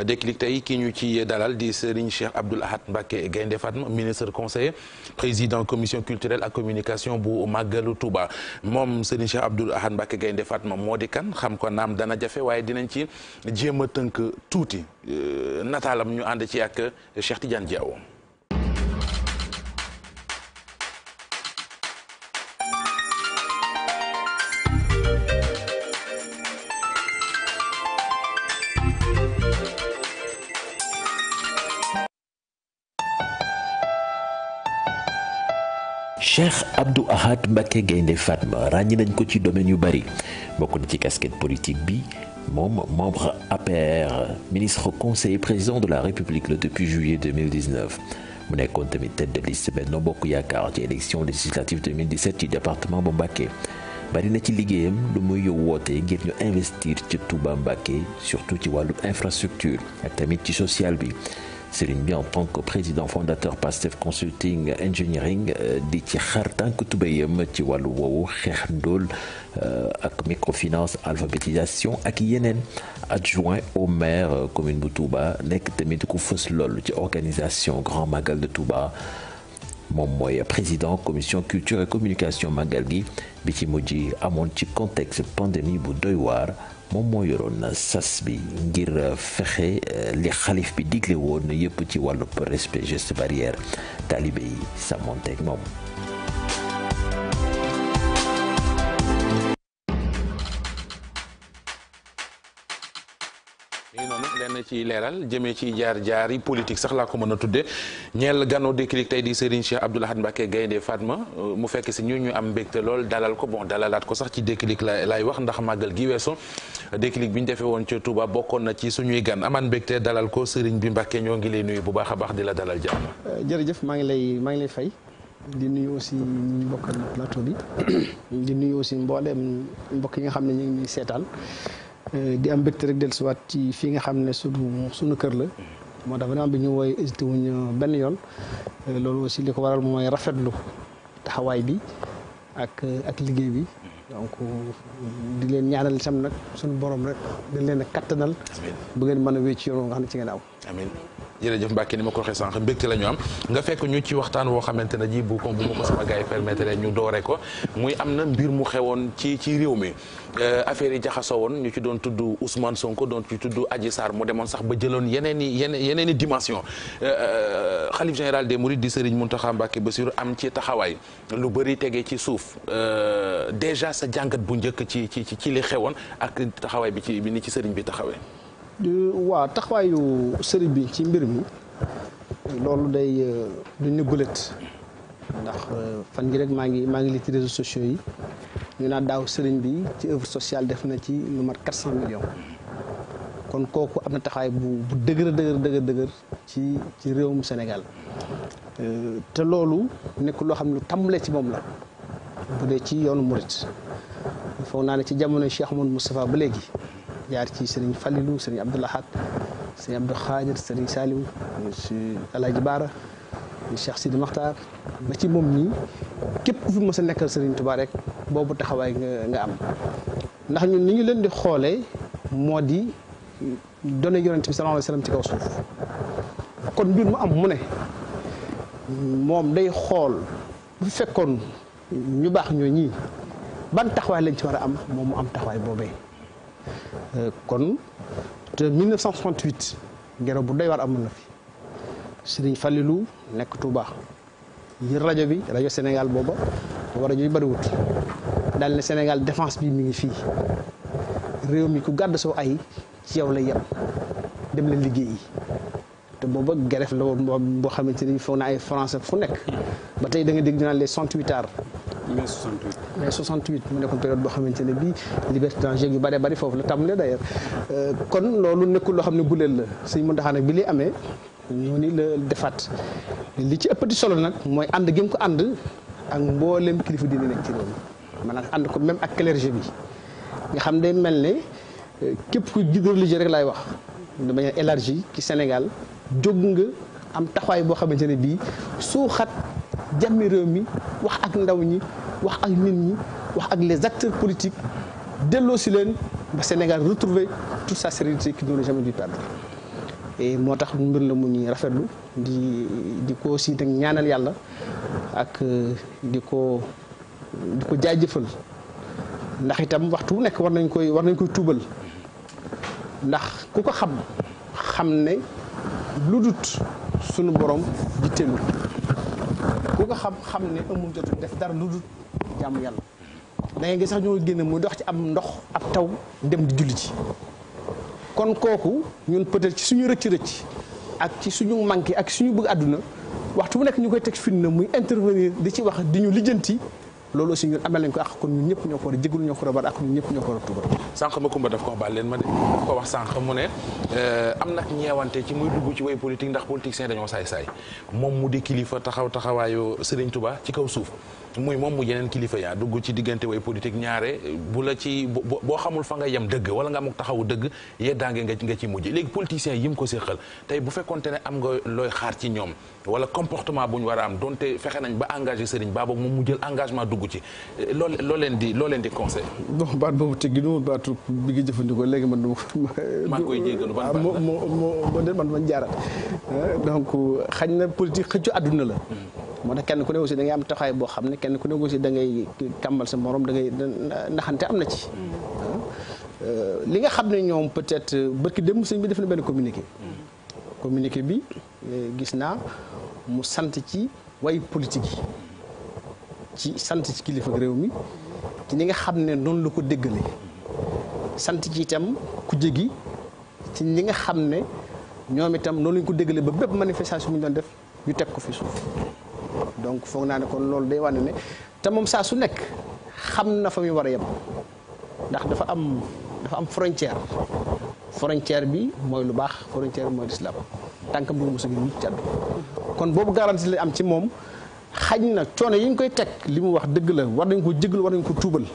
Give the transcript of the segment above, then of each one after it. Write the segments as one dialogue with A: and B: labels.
A: déclic tey ki ñu ci dalal di Serigne Cheikh Abdoul Ahad Mbacké Gaynde Fatma ministre conseil président commission culturelle ak communication bu màggalu Touba moom Serigne Cheikh Abdoul Ahad Mbacké Gaynde Fatma moo di kan xam ko naam dana jafe waaye dinañ ci jéem a tënk tuuti euh, nataalam ñu ànd ci ak Cheikh Tidiane Diawo.
B: Cheikh Abdou Ahad Mbacké Gaynde Fatma ràññi nañ ko ci domaine yu bari bokku na ci casquette politique bi moom membre APR ministre conseiller président de la République le depuis juillet 2019 mu nekkoon tamit tête de liste Benno Bokk Yaakaar ci élection législative 2017 ci département bu Mbacké bari na ci liggéeyam lu muy woote ngir ñu investir ci Touba Mbacké surtout ci wàllu infrastructure ak tamit ci social bi Serigne bi en tant que président fondateur Pastef Consulting Engineering euh, di ci xar tànk tubéyam ci wàllu woowu xeex ndóol euh, ak microfinance alphabétisation ak yeneen adjoint au maire euh, commune bu Touba nekk tamit ku fës lool ci organisation Grand Magal de Touba moom mooy président commission culture et communication magal gi bi ci mujj amoon ci contexte pandémie bu doy waar moom moo yoroon sas bi ngir fexe euh, li xalif bi digle woon yëpp ci wàllu respect geste barrière taalibe yi sàmmonteeg moom
A: lenn ci leeral jëme ci jaar jaar yi politique sax laa ko mën a tudde ñeel gano déclic tey di Serigne Cheikh Abdoul Ahad Mbacké Gaynde Fatma euh, mu fekk si ñu ñu am mbégte lool dalal ko bon dalalaat ko sax ci déclic la lay wax ndax màggal gi weesu déclic bi ñu defee woon ca Touba bokkoon na ci suñuy gan amaan mbégte dalal koo sëriñ bi Mbàkke ñoo ngi lay nuyu bu baax a baax di la dalal jàmm.
C: Euh, jërëjëf maa ngi lay maa ngi lay fay. di nuyu aussi ñi bokkal plateau bi di nuyu aussi mbooleem mbokk yi nga xam ne ñu ngi ñuy seetaan euh, di am mbégte rek dellusiwaat ci fii nga xam ne suñu suñu kër la moo tax vraiment bi ñu woowee hésité wuñ benn yoon euh, loolu aussi li ko waral mooy rafetlu taxawaay bi ak ak liggéey bi donc di leen ñaanal sam nag suñu borom rek dañ leen a kattanal. amiin bu ngeen mën a wécc yoon nga xam ne ci ngeen aw.
A: amiin jërëjëf Mbacke ni ma ko waxee sànq mbégte la ñu am nga fekk ñu ci waxtaan woo xamante ne ji bu ko bu ma ko sama gars yi ñu doore ko muy am na mbir mu xewoon ci ci réew mi. Euh, affaire yi jaxasoo woon ñu ci doon tudd Ousmane sonk doon ci tudd Adji Sarr mu demoon sax ba jëloon yeneen i yeneen i dimension xalif euh, euh, général des Mourides di Serigne Mountakha Mbacké am ci taxawaay lu bëri tegee ci suuf déjà sa jàngat bu njëkk ci ci ci li xewoon ak taxawaay bi ci bi ci Serigne bi taxawee.
C: waaw taxawaayu Serigne bi ci mbir mi loolu day du ñu ndax euh, fan gi rek maa ngi maa ngi li ci réseaux sociaux yi ñu naa daaw sëriñ bi ci œuvre sociale def na ci lu mat 400 millions kon kooku am na taxawaay bu bu dëgër dëgër dëgër dëgër ci ci réewum Sénégal euh, te loolu nekk loo xam ne lu tàmbalee ci moom la bu dee ci yoonu mu Mouride foog naa ne ci jamono Cheikh Amadou Moustapha ba léegi jaar ci sëriñ Falilou sëriñ Abdoul Ahad sëriñ Abdou Khadir sëriñ Saliou si Alaaji Baara di Cheikh Sidi Maxtaar ba ci moom ñii képp ku fi mës a nekkal Serigne Touba rek boobu taxawaay nga am ndax ñu ni ñu leen di xoolee moo di donné yonent bi sallallahu ti wasallam kaw suuf kon mbir mu am mu ne moom day xool bu fekkoon ñu baax ñoo ñii ban taxawaay lañ ci war a am moom mu am taxawaay boobee euh, kon te 1968 ngelaw bu doy war amoon na fi. si Serigne Fallilou nekk Touba yër rajo bi rajo Sénégal booba booba rajo yi bëriwut daal ne Sénégal défense bi mi ngi fii réew mi ku gàdd soo ay ceew la yem dem la liggéeyi te booba grève la woon boo xamante ni foog na ay français fu nekk hmm. ba tey da nga dégg ñu naan les cent huit mai 68. mai 68 mu nekkoon période boo xamante ne bii liberté yu bare bari foofu la tàmbalee d'ailleurs euh, loolu nekkul loo xam ne buleel la suñ mën taxaa nag bi lay amee noonu la defaat li ci ëppati solo nag mooy ànd gi ko ànd ak mboolem kilifa dina nekk ci loolu maanaam ànd ko même ak clergé bi nga xam day mel ne euh, képp ku guide religieux rek laay wax de manière élargie ci Sénégal jóg nga am taxawaay boo xamante ne bii suuxat jàmmi réew mi wax ak ndaw ñi wax ak nit ñi wax ak les acteurs politiques delloo si leen ba Sénégal retrouver toute sa sérénité qui n'aurait jamais dû moo tax mbir la mu ñuy rafetlu di di ko aussi nag ñaanal yàlla ak euh, di ko di ko jaajëfal ndax itam waxtu bu nekk war nañ koy war nañ koy tuubal ndax ku ko xam xam ne lu dut sunu borom jitteelu ku ko xam xam ne amul jotu def dara lu dul jàmm yàlla da ngay sax ñoo génn mu dox ci am ndox ab taw dem di julli ci kon kooku ñun peut-être ci suñu rëcc rëcc ak ci suñu manqué ak suñu bëgg àdduna waxtu bu nekk ñu koy teg firnde muy intervenir di ci wax di ñu lijjanti loolu aussi ñun amel nañ ko ak kon ñun ñëpp ñoo ko war a jégalu ñoo ko war a bar ak
A: ko war a kumba daf ko baal leen ma de ko wax sànq mu ne. Euh, am nag ñeewante ci muy dugg ci way politique ndax politicien dañoo saay-saay moom mu di kilifa taxaw taxawaayu Serigne Touba ci kaw suuf muy moom mu yeneen kilifa yaa dugg ci diggante way politique ñaare bu la ci boo xamul fa nga yem dëgg wala nga amuk taxawu dëgg yeddaange nga nga ci mujj léegi politicien yi mu ko séqal tey bu fekkonte ne am nga looy xaar ci ñoom wala comportement bu ñu war am donte fexe nañ ba engagé Serigne Baba moom mu jël engagement dugg ci euh, lool loo leen di loo leen di conseil bon
C: baat boobu te gi du waaw moo moo moo den man mañ jaarat donc xañ na politique xëccu àdduna la moo tax kenn ku ne aussi da ngay am taxawaay boo xam ne kenn ku ne aussi da ngay kàmbal sa morom da ngay naxante am na ci euh, li nga xam ne ñoom peut-être bërki démb sëñ bi def na benn communiqué communiqué bi euh, gis naa mu sant ci way politique yi ci sant ci kilifa réew mi ci li nga xam ne noonu la ko déggalee sant ci itam ku jégi ci ñi nga xam ne ñoom itam loolu lañu ko déggalee ba bépp manifestation bu ñu doon def ñu teg ko fi suuf donc foog naa ne kon loolu day wane ne te moom saa su nekk xam na fa muy war a yem ndax dafa am dafa am frontière frontière bi mooy lu baax frontière bi mooy lislaam tànkam bu mos a ngi ci àddu kon boobu garantie la am ci moom xañ na coono yi ñu koy teg li mu wax dëgg la war nañ ko jéggal war nañ ko tuubal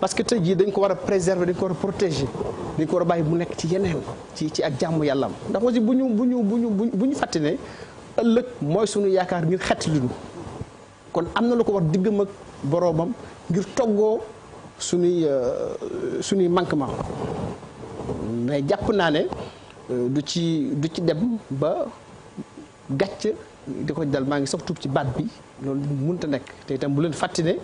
C: parce que tey jii dañ ko war a préserver dañ ko war a dañ ko war bàyyi mu nekk ci yeneen ci ci ak jàmm yàllam ndax aussi bu ñu bu ñu bu ñu bu ñu fàtte ne ëllëg mooy suñu yaakaar ngir xett li kon am na lu ko war diggam ak boroomam ngir toggoo suñuy euh, suñuy manquement mais jàpp naa ne euh, du ci du ci dem ba gàcc di ko dal maa ngi sax tuub ci baat bi loolu mënut a nekk tey itam bu leen fàttine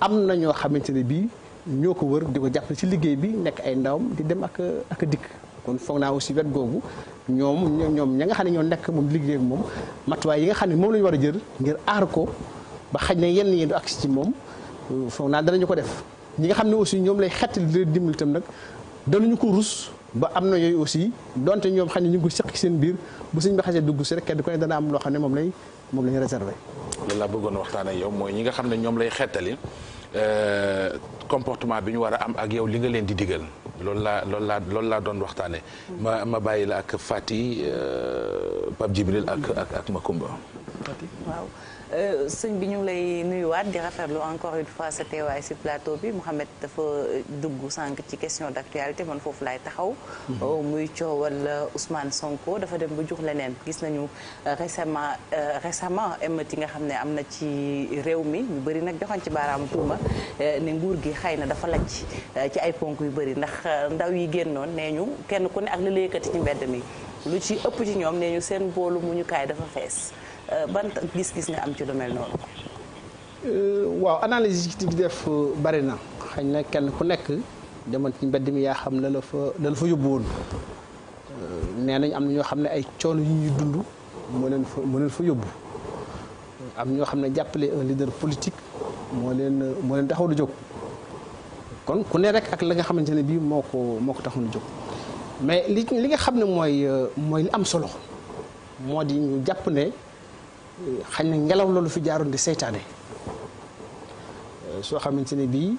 C: am na ñoo xamante ne bii ñoo ko wër di ko jàppale ci liggéey bi nekk ay ndaw di dem ak ak dikk kon foog naa aussi wet googu ñoom ñoom ña nga xam ne ñoo nekk moom liggéey moom matuwaay yi nga xam ne moom la war a jël ngir aar ko ba xaj na yenn yi du ci moom foog naa danañu ko def ñi nga xam ne aussi ñoom lay xettali di leen dimbali nag danañu ko rus ba am na yooyu aussi donte ñoom xam ne ñu ngi ko seq bu suñ ba xasee dugg si rek kenn ku dana am loo xam ne moom la ñu réservé
A: loolu laa bëggoon waxtaan ak yow mooy ñi nga xam ne ñoom lay xettali Euh, comportement bi ñu war a am ak yow li nga leen di diggal loolu laa lool laa loolu laa doon waxtaane ma ma bàyyi la ak fàtti euh, Pape Djibril ak ak ak Makumba
D: waaw euh, sëñ bi ñu lay nuyuwaat di rafetlu encore une fois sa teewaay si plateau bi Mouhamed dafa euh, dugg sànq ci question d' actualité man foofu laay taxaw. Mhm. Euh, muy coowal Ousmane Sonko dafa dem ba jux leneen gis nañu récemment récemment émeute yi nga xam ne am na ci réew mi ñu bëri nag joxoon ci baaraamu tuuma ne nguur gi xëy na dafa lajj ci ay ponk yu bëri ndax ndaw yi génnoon nee ñu kenn ku ne ak li la yëkkati ci mbedd mi lu ci ëpp ci ñoom nee ñu seen boolu mu ñu dafa fees. Euh, ban gis-gis nga am ci lu mel noonu.
C: Euh, waaw analyse yi di def euh, bari na xañ na kenn ku nekk demoon ci mbedd mi yaa xam la la fa la la fa yóbbu woon nee nañ am na ñoo xam ne ay coono yu ñuy dund moo leen fa moo leen fa yóbbu am ñoo xam ne jàppale un leader politique moo leen moo leen taxaw du kon ku ne rek ak la nga xamante ne bii moo ko moo ko taxaw jóg mais li li nga xam ne mooy mooy li am solo moo di ñu jàpp ne. xañ na ngelaw loolu fi jaaroon di seytaane soo xamante ne bii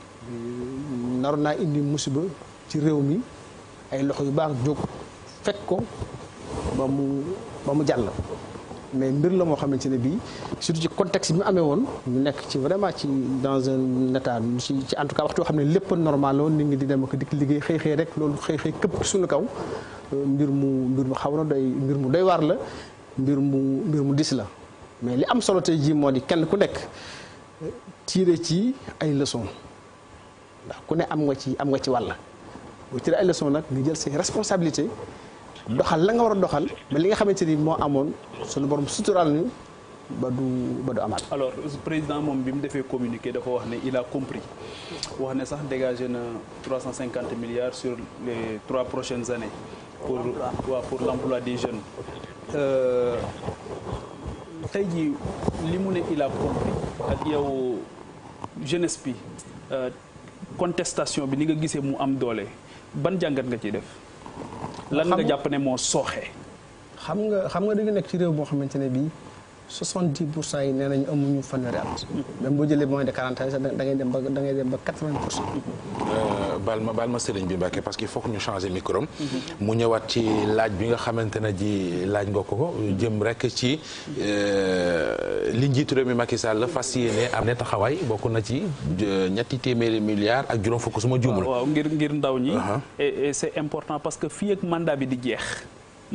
C: naroon naa indi musiba ci réew mi ay loxo yu baax jóg fekk ko ba mu mu jàll mais mbir la moo xamante ne bii surtout ci contexte bi mu amee woon ñu nekk ci vraiment ci dans un état ci en tout cas waxtu xam ne lépp normal la woon nit ñi di dem ak dikk liggéey xëy xëy rek loolu xëy xëy këpp suñu kaw mbir mu mbir mu xaw na doy mbir mu doy waar la mbir mu mbir mu dis la mais li am solo te jii moo di kenn ku nekk tiire ci ay leçon ndax ku ne am nga ci am nga ci wàll bu tiire ay leçon nag nga jël say responsabilité doxal la nga war a doxal ma li nga xamante ni moo amoon sunu borom suturaal ñu ba du ba du amaat. alors
E: président moom bi mu defee communiqué dafa wax ne il a compris wax ne sax dégagé na 350 milliards sur les trois prochaines années. pour waaw pour l'emploi des jeunes. Euh, tey jii li mu ne il a compris ak yow jeunesse bi euh, contestation bi ni nga gisee mu am doole ban jàngat nga ciy def. lan nga jàpp ne moo sooxee
C: xam nga xam nga da nekk ci réew boo xamante ne bii. soixante-dix pour cent yi nee nañu amuñu fanweeri at. Mm-hmm. même boo jëlee moins de quarante ans sax da dem ba da dem ba quatre-vingts pour cent.
A: Euh, baal ma baal ma sëriñ bi Mbacke parce que il faut que ñu changer micro mm-hmm. mu ñëwaat ci laaj bi nga xamante ne ji laaj nga ko jëm rek ci euh, li njiitu réew mi Macky Sall fas yéene am ne taxawaay bokk na ci euh, ñetti téeméeri milliards ak juróom fukk suma juumul.
E: Ah, waaw ngir ngir ndaw ñi. Uh-huh. et c'est important parce que fii ak bi di jeex.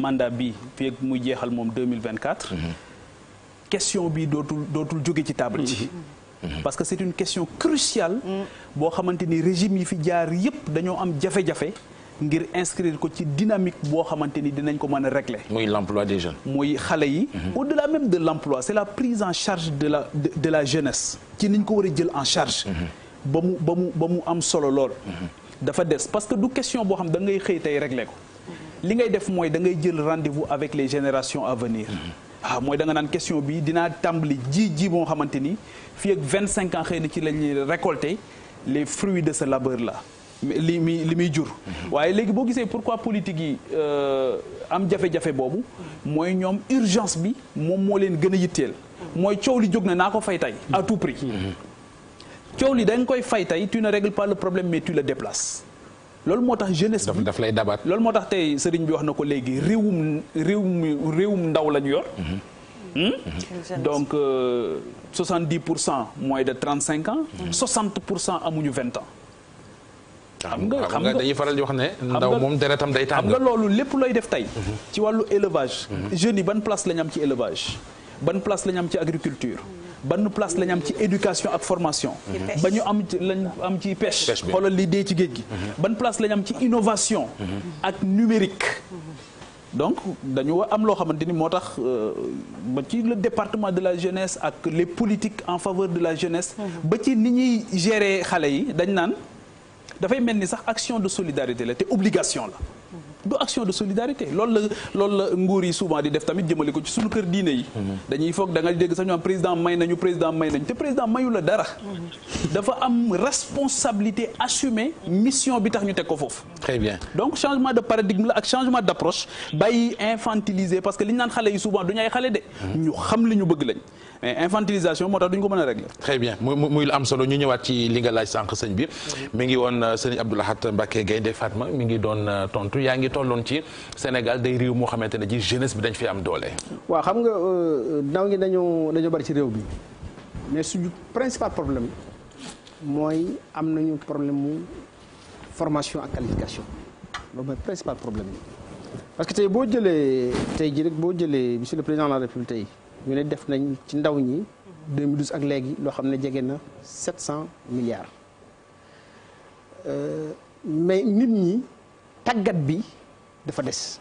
E: mandat bi fii muy jeexal moom 2024. question bi dootul dootul jóge ci table ci mhm. Mhm. parce que c'est une question cruciale boo xamante ni régime yi fi jaar yépp dañoo am jafe-jafe ngir inscrire ko ci dynamique boo xamante ni dinañ ko mën a régler.
A: muy l'emploi des jeunes.
E: muy xale yi. Mhm. au-delà même de l'emploi c'est la prise en charge de la de, la jeunesse. ci niñ ko war a jël en charge. ba mu ba mu ba mu am solo lool. dafa des parce que du question boo xam da ngay xëy tey régler ko. li ngay def mooy da ngay jël rendez-vous avec les générations à venir. waaw ah, mooy da naan question bi dinaa tàmbali ji ji boo xamante ni fii ak 25 ans xëy na ci la ñuy récolter les fruits de ce labeur là li muy li muy jur. Mhm. waaye léegi boo gisee pourquoi politique yi euh, am jafe-jafe boobu mooy ñoom urgence bi moom moo leen gën a yitteel. mooy coow li jóg na naa ko fay tey à mhm. tout prix. Mhm. coow li da koy fay tey tu na règles pas le problème mais tu le déplaces. loolu moo tax jeunesse bi daf lay dabaat loolu moo tax tey sëriñ bi wax na ko léegi réewum réewum réewum ndaw la ñu yor. Mhm. Hmm? donc euh, soixante dix pour cent moins de trente cinq ans. Mhm. soixante pour cent amuñu vingt ans.
B: Ah, xam nga xam nga dañuy faral di wax ne. ndaw moom deretam day tàng. xam nga
E: loolu lépp looy def tey. Mhm. ci wàllu élevage. jeunes yi ban place la am ci élevage ban place la am ci agriculture. ban place lañ am ci éducation ak formation. ba ñu am ci lañ am ci pêche. xoolal li dee ci géej gi. Mhm. ban place lañ am ci innovation. Mhm. ak numérique. donc dañu am loo xamante ni moo tax euh, ba ci le département de la jeunesse ak les politiques en faveur de la jeunesse. Mhm. ba ci ni ñuy gérer xale yi dañ naan dafay mel ni sax action de solidarité la te obligation la. du action de solidarité loolu la loolu la nguur yi souvent di def tamit jëmale ko ci suñu kër diine yi dañuy foog da dégg sax ñu am président may nañu président may nañu te président mayu la dara dafa am responsabilité assumée mission bi tax ñu teg ko foofu très bien donc changement de paradigme la ak changement d' approche bàyyi
A: infantiliser parce que li ñu naan xale yi souvent du ñu ay xale de ñu xam li ñu bëgg lañ mais infantilisation moo tax duñ ko mën a régler. très bien muy muy lu am solo ñu ñëwaat ci li nga sëñ bi mi ngi woon euh, sëñ Abdou Lahat Mbacké Gaynde Fatma mi ngi doon euh, tontu yaa ngi tolloon ci Sénégal day réew moo xamante ne ji jeunesse bi dañ fi am doole.
C: waa xam nga euh, ndaw ngi dañoo dañoo bari ci réew bi mais suñu principal problème mooy am nañu problème mu formation ak qualification loolu mooy principal problème bi parce que tey boo jëlee tey jii rek boo jëlee monsieur le président de la république tey. ñu ne def nañ ci ndaw ñi 2012 ak léegi loo xam ne jege na 700 milliards euh, mais nit ñi tàggat bi dafa des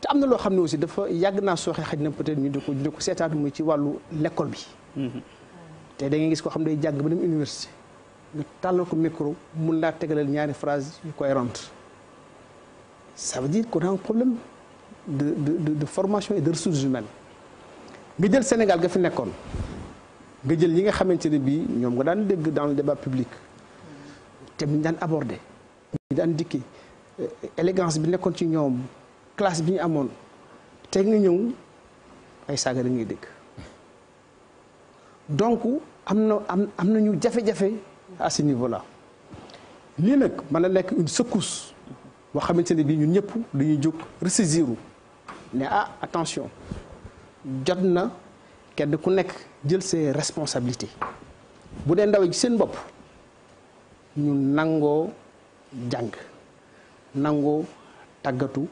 C: te am na loo xam ne aussi dafa yàgg naa soxe xaj na peut ñu di ko ñu ko seetaatu muy ci wàllu lekkool bi mm-hmm. te da gis koo xam ne day jàng ba dem université nga tàllal ko micro mun laa tegalal ñaari phrase yu cohérente ça veut dire qu'on a un problème de de de formation et de ressources humaines nga jël Sénégal ga fi nekkoon nga jël ñi nga xamante ne bii ñoom nga daan dégg dans le débat public te ñu daan abordé ñu daan dikki euh, élégance bi nekkoon ci ñoom classe bi ñu amoon te nga ñëw ay saaga da ngay dégg donc am na am nañu jafe-jafe à ce niveau là lii nag mën a nekk une secousse boo xamante ne bii ñun ñëpp dañuy jóg ressaisiru ne ah attention jot na kenn ku nekk jël ses responsabilité bu dee ndaw ci seen bopp ñu nangoo jàng nangoo tàggatu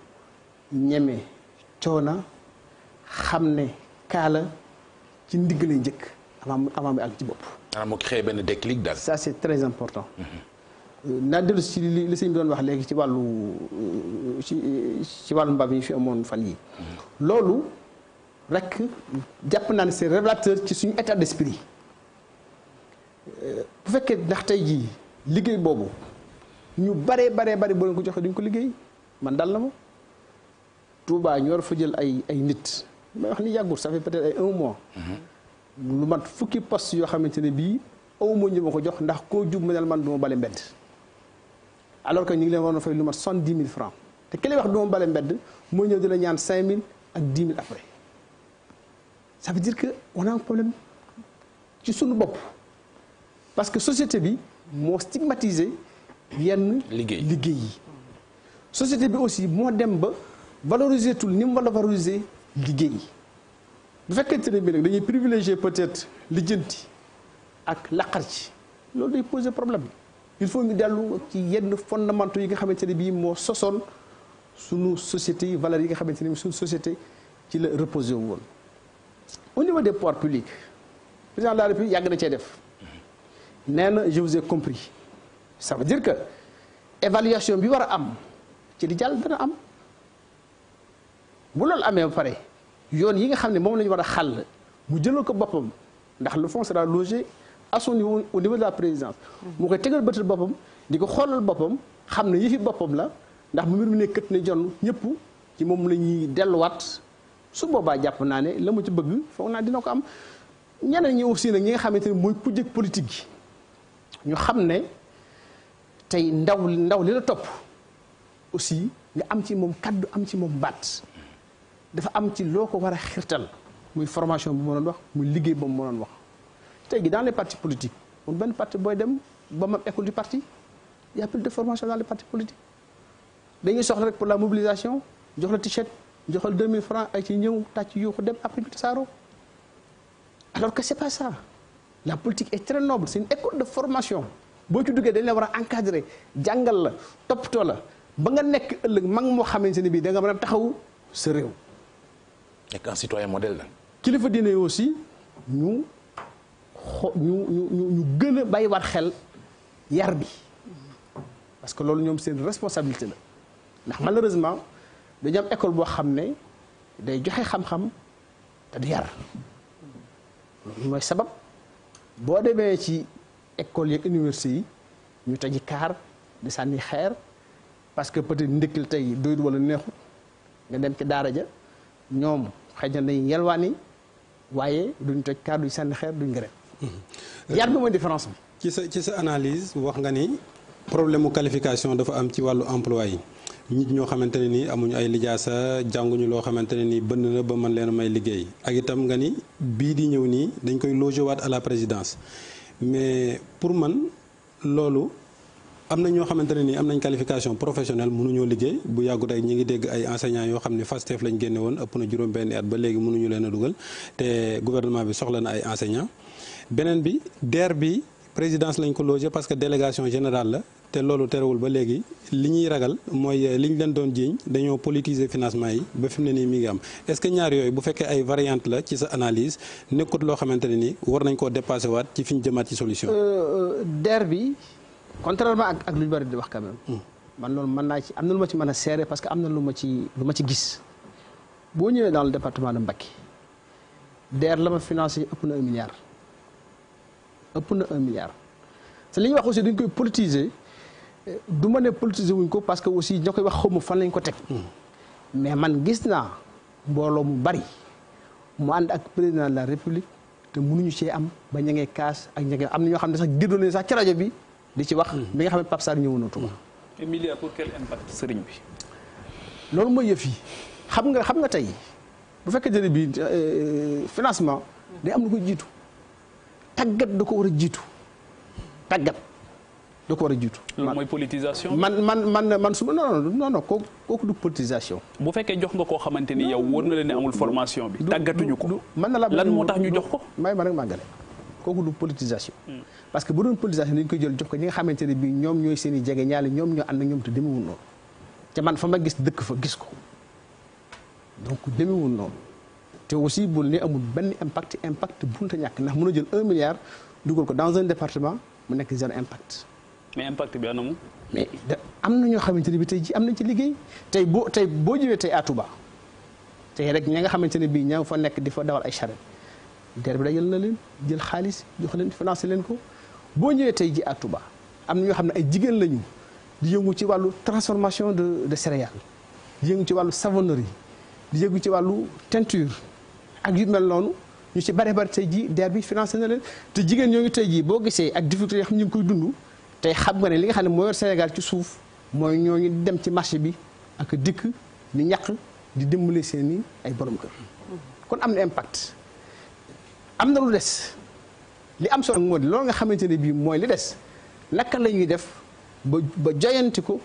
C: ñeme coona xam ne kaala ci ndigg lay njëkk avant avant bi ak ci bopp. maanaam mu benn déclic daal. ça très important. Mhm. Euh, naa dellu si li li sëñ doon wax léegi ci wàllu euh, ci wàllu mbab yi fi amoon fan yi mhm. loolu. rek jàpp naa ne si révélateur ci suñu état d'esprit euh, bu fekkee ndax tey jii liggéey boobu ñu baree bare bari boo leen ko joxee duñ ko liggéey man dal na ma Touba ñu war fa jël ay ay nit may wax ni yàggul ça fait peut ay un mois mm-hmm. lu mat fukki poste yoo xamante ne bii aw ma ñu ma ko jox ndax koo jub ma man du ma bale mbedd alors que ñu ngi leen waroon fay lu mat soixante-dix mille francs te ki wax du ma bale mbedd moo ñëw di la ñaan cinq mille ak dix mille ça veut que on a problème ci sunu bopp parce que société bi moo stigmatisé yenn. liggéey liggéey yi. société bi aussi moo dem ba valoriser tul ni mu war a valoriser liggéey yi bu fekkente ne bi nag dañuy privilégier peut-être lijjanti ak laqar ci loolu day poser problème il faut ñu dellu ci yenn fondamentaux yi nga xamante ne bii moo sosoon sunu société yi valeurs yi nga xamante ne bi sunu société ci la reposé woon. au niveau des pouvoirs publics président de la république yàgg na cee def nee na je vous ai compris ça veut dire que évaluation bi war a am ci di jàll dana am bu loolu amee ba pare yoon yi nga xam ne moom la war a xàll mu jëlal ko boppam ndax le fonds sera logé à son niveau au niveau de la présidence mu koy tegal bëtal boppam di ko xoolal boppam xam ne yëfi boppam la ndax bu mbir mu ne kët ne jonn ñëpp ci moom la ñuy delluwaat su boobaa jàpp naa ne la mu ci bëgg foog naa dina ko am ñeneen ñi aussi nag ñi nga xamante ne mooy ku jëkk politique gi ñu xam ne tey ndaw ndaw li la topp aussi nga am ci moom kaddu am ci moom baat dafa am ci loo ko war a xirtal muy formation bu ma doon wax muy liggéey ba mu doon wax tey gi dans les partis politiques moom benn parti booy dem ba ma école du parti y a plus de formation dans les partis dañuy soxla rek pour la mobilisation jox la t-shirt joxal 2000 francs ay ci ñëw tàcc yuuxu dem après ñu tasaaroo alors que c'est pas ça la politique est très noble c'est une école de formation boo ci duggee dañ la war a encadrer jàngal la toppatoo la ba nga nekk ëllëg mag moo xamante ne bii da nga mën a taxaw
A: sa réew. nekk un citoyen modèle la.
C: kilifa diine yi aussi ñu xo ñu gën a bàyyi war xel yar bi parce que loolu ñoom seen responsabilité la ndax malheureusement. dañu am école boo xam ne day joxe xam-xam te di yar mooy sabab boo demee ci école yeeg université yi ñu tegi kaar di sànni xeer parce que peut-être ndékkil tey doyul wala neexu nga dem ci daara ja ñoom xëy na dañuy yelwaani waaye duñ toj kaar duñ sànni xeer duñ gërëm.
F: Mm-hmm. yar bi mooy différence bi. ci sa ci sa analyse wax nga ni problème mu qualification dafa am ci wàllu emploi yi. nit ñoo xamante ne ni amuñu ay lijaasa jànguñu loo xamante ne ni bënn na ba man leen may liggéey ak itam nga ni bii di ñëw nii dañ koy logé waat à la présidence mais pour man loolu am na ñoo xamante ne ni am nañ qualification professionnelle munuñoo liggéey bu yàggut ak ñi ngi dégg ay enseignants yoo xam ne FASTEF lañ génne woon ëpp na juróom-benn at ba léegi mënuñu leen a dugal te gouvernement bi soxla na ay enseignants beneen bi DER bi. présidence lañ ko logé parce que délégation générale la te loolu terewul ba léegi li ñuy ragal mooy euh, li ñu leen doon jiiñ dañoo politiser financement yi ba fi mu ne nii mi ngi am est-ce que ñaar yooyu bu fekkee ay variante la ci sa analyse nekkut loo xamante ne ni war nañ koo dépassé waat ci fi ñu jëmaat ci solution. Euh,
C: euh, DER bi contrairement ak ak lu ñu bari di wax quand même. Hmm. man loolu mën naa ci am na lu ma ci mën a seere parce que am na lu ma ci lu ma ci gis boo ñëwee dans département de Mbacké DER la ma ëpp na un ëpp na un milliard te li ñuy wax aussi dañ koy politiser du ma ne politiser wuñ ko parce que aussi ñoo koy wax xawma fan lañ ko teg mais man gis naa mbooloo mu bari mu ànd ak président de la république te munuñu cee am ba ña ngee kaas ak ña am na ñoo xam ne sax géddoon nañu sax ci rajo bi di ci wax bi mm. nga xam ne Pape Sarr ñëwoon na Touba
E: un mm. milliard pour quel impact sëriñ bi
C: loolu mooy yëf yi xam nga xam nga tey bu fekkee jëri bi euh, financement day am na ko jiitu tàggat da ko war a jiitu tàggat da ko war a jiitu.
E: mooy politisation. man
C: man man man su ma non non non kooku kooku du politisation.
E: bu fekkee jox nga koo xamante ni yow wóor na leen amul formation bi. tàggatuñu ko
C: man na la lan moo tax ñu jox ko. may ma rek màggale kooku du politisation. Hmm. parce que bu doon politisation dañu koy jël jox ko ñi nga xamante ne bi ñoom ñooy seen i jege ñaale ñoom ñoo ànd ñoom te demewul noonu te man fa ma gis dëkk fa gis ko donc demewul noonu. te aussi bu ni amul benn impact impact bunta ñàkk ndax mu a jël un milliard dugal ko dans un département mu nekk zéro impact.
E: mais impact bi anamu.
C: mais am na ñoo xamante ne bi tey ji am na ci liggéey tey boo tey boo ñëwee tey à Touba rek ña nga xamante ne bii ña fa nekk di fa dawal ay charrette der bi dajal na leen jël xaalis jox leen financé leen ko boo ñëwee tey ji à Touba am na ñoo xam ne ay jigéen lañu di yëngu ci wàllu transformation de de céréales di yëngu ci wàllu savonnerie di yëngu ci wàllu teinture. ak yu mel noonu ñu ci bare bari tey jii DER bi financé na leen te jigéen ñoo ngi tey jii boo gisee ak difficulté yoo xam ñu ngi koy dund tey xam nga ne li nga xam ne moo yor ci suuf mooy ñooñu dem ci marché bi ak dikk di ñàq di dimbali seeni ay borom am na impact am na li am solo moo di loolu nga xamante ne bii mooy li des naka lañuy def ba ba joyanti ko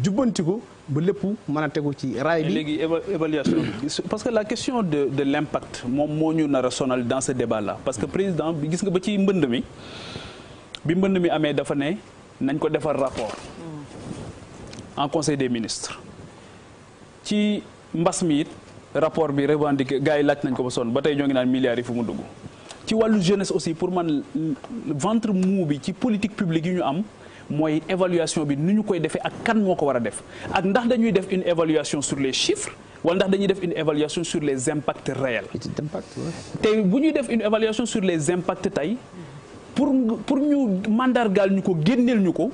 C: jubbantiku ba lépp mën a tegu ci raay bi. léegi
E: évaluation parce que la question de de l' impact moom moo ñu nar a sonal dans ce débat là parce que président bi gis nga ba ci mbënd mi bi mbënd mi amee dafa ne nañ ko defar rapport en conseil des ministres ci mbas mi it rapport bi revendiqué gars yi laaj nañ ko ba sonn ba tey ñoo ngi naan milliards yi fu mu dugg ci wàllu jeunesse aussi pour man ventre mou bi ci politique publique yi ñu am. mooy évaluation bi nu ñu koy defee ak kan moo ko war a def ak ndax dañuy def une évaluation sur les chiffres wala ndax dañuy def une évaluation sur les impacts réels. tey bu ñuy def une évaluation sur les impacts tey pour pour ñu mandargaal ñu ko génneel ñu ko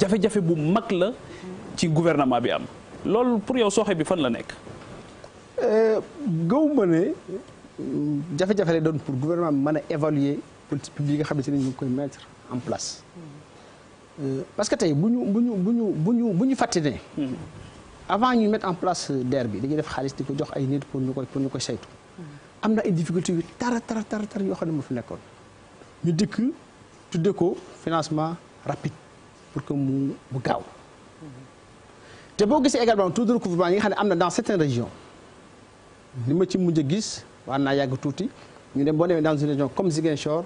E: jafe-jafe bu mag la ci gouvernement bi am loolu pour yow sooxe bi fan la nekk.
C: Euh, gëw ma ne jafe-jafe lay doon pour gouvernement bi mën a évaluer politique publique yi nga xamante ne ñu ngi koy mettre en place. parce que tey bu ñu bu ñu bu ñu bu ñu bu ñu fàtte ne avant ñu mettre en place DER bi dañuy def xaalis di ko jox ay nit pour ñu koy pour ñu koy saytu am na ay difficultés yu tara tara yoo xam ne moo fi nekkoon ñu dikk tudde ko financement rapide pour que mu mu gaaw te boo gisee également taux de xam ne am na dans certaines régions li ma ci mujj a gis war naa yàgg tuuti ñu dem boo demee dans une région comme Ziguinchor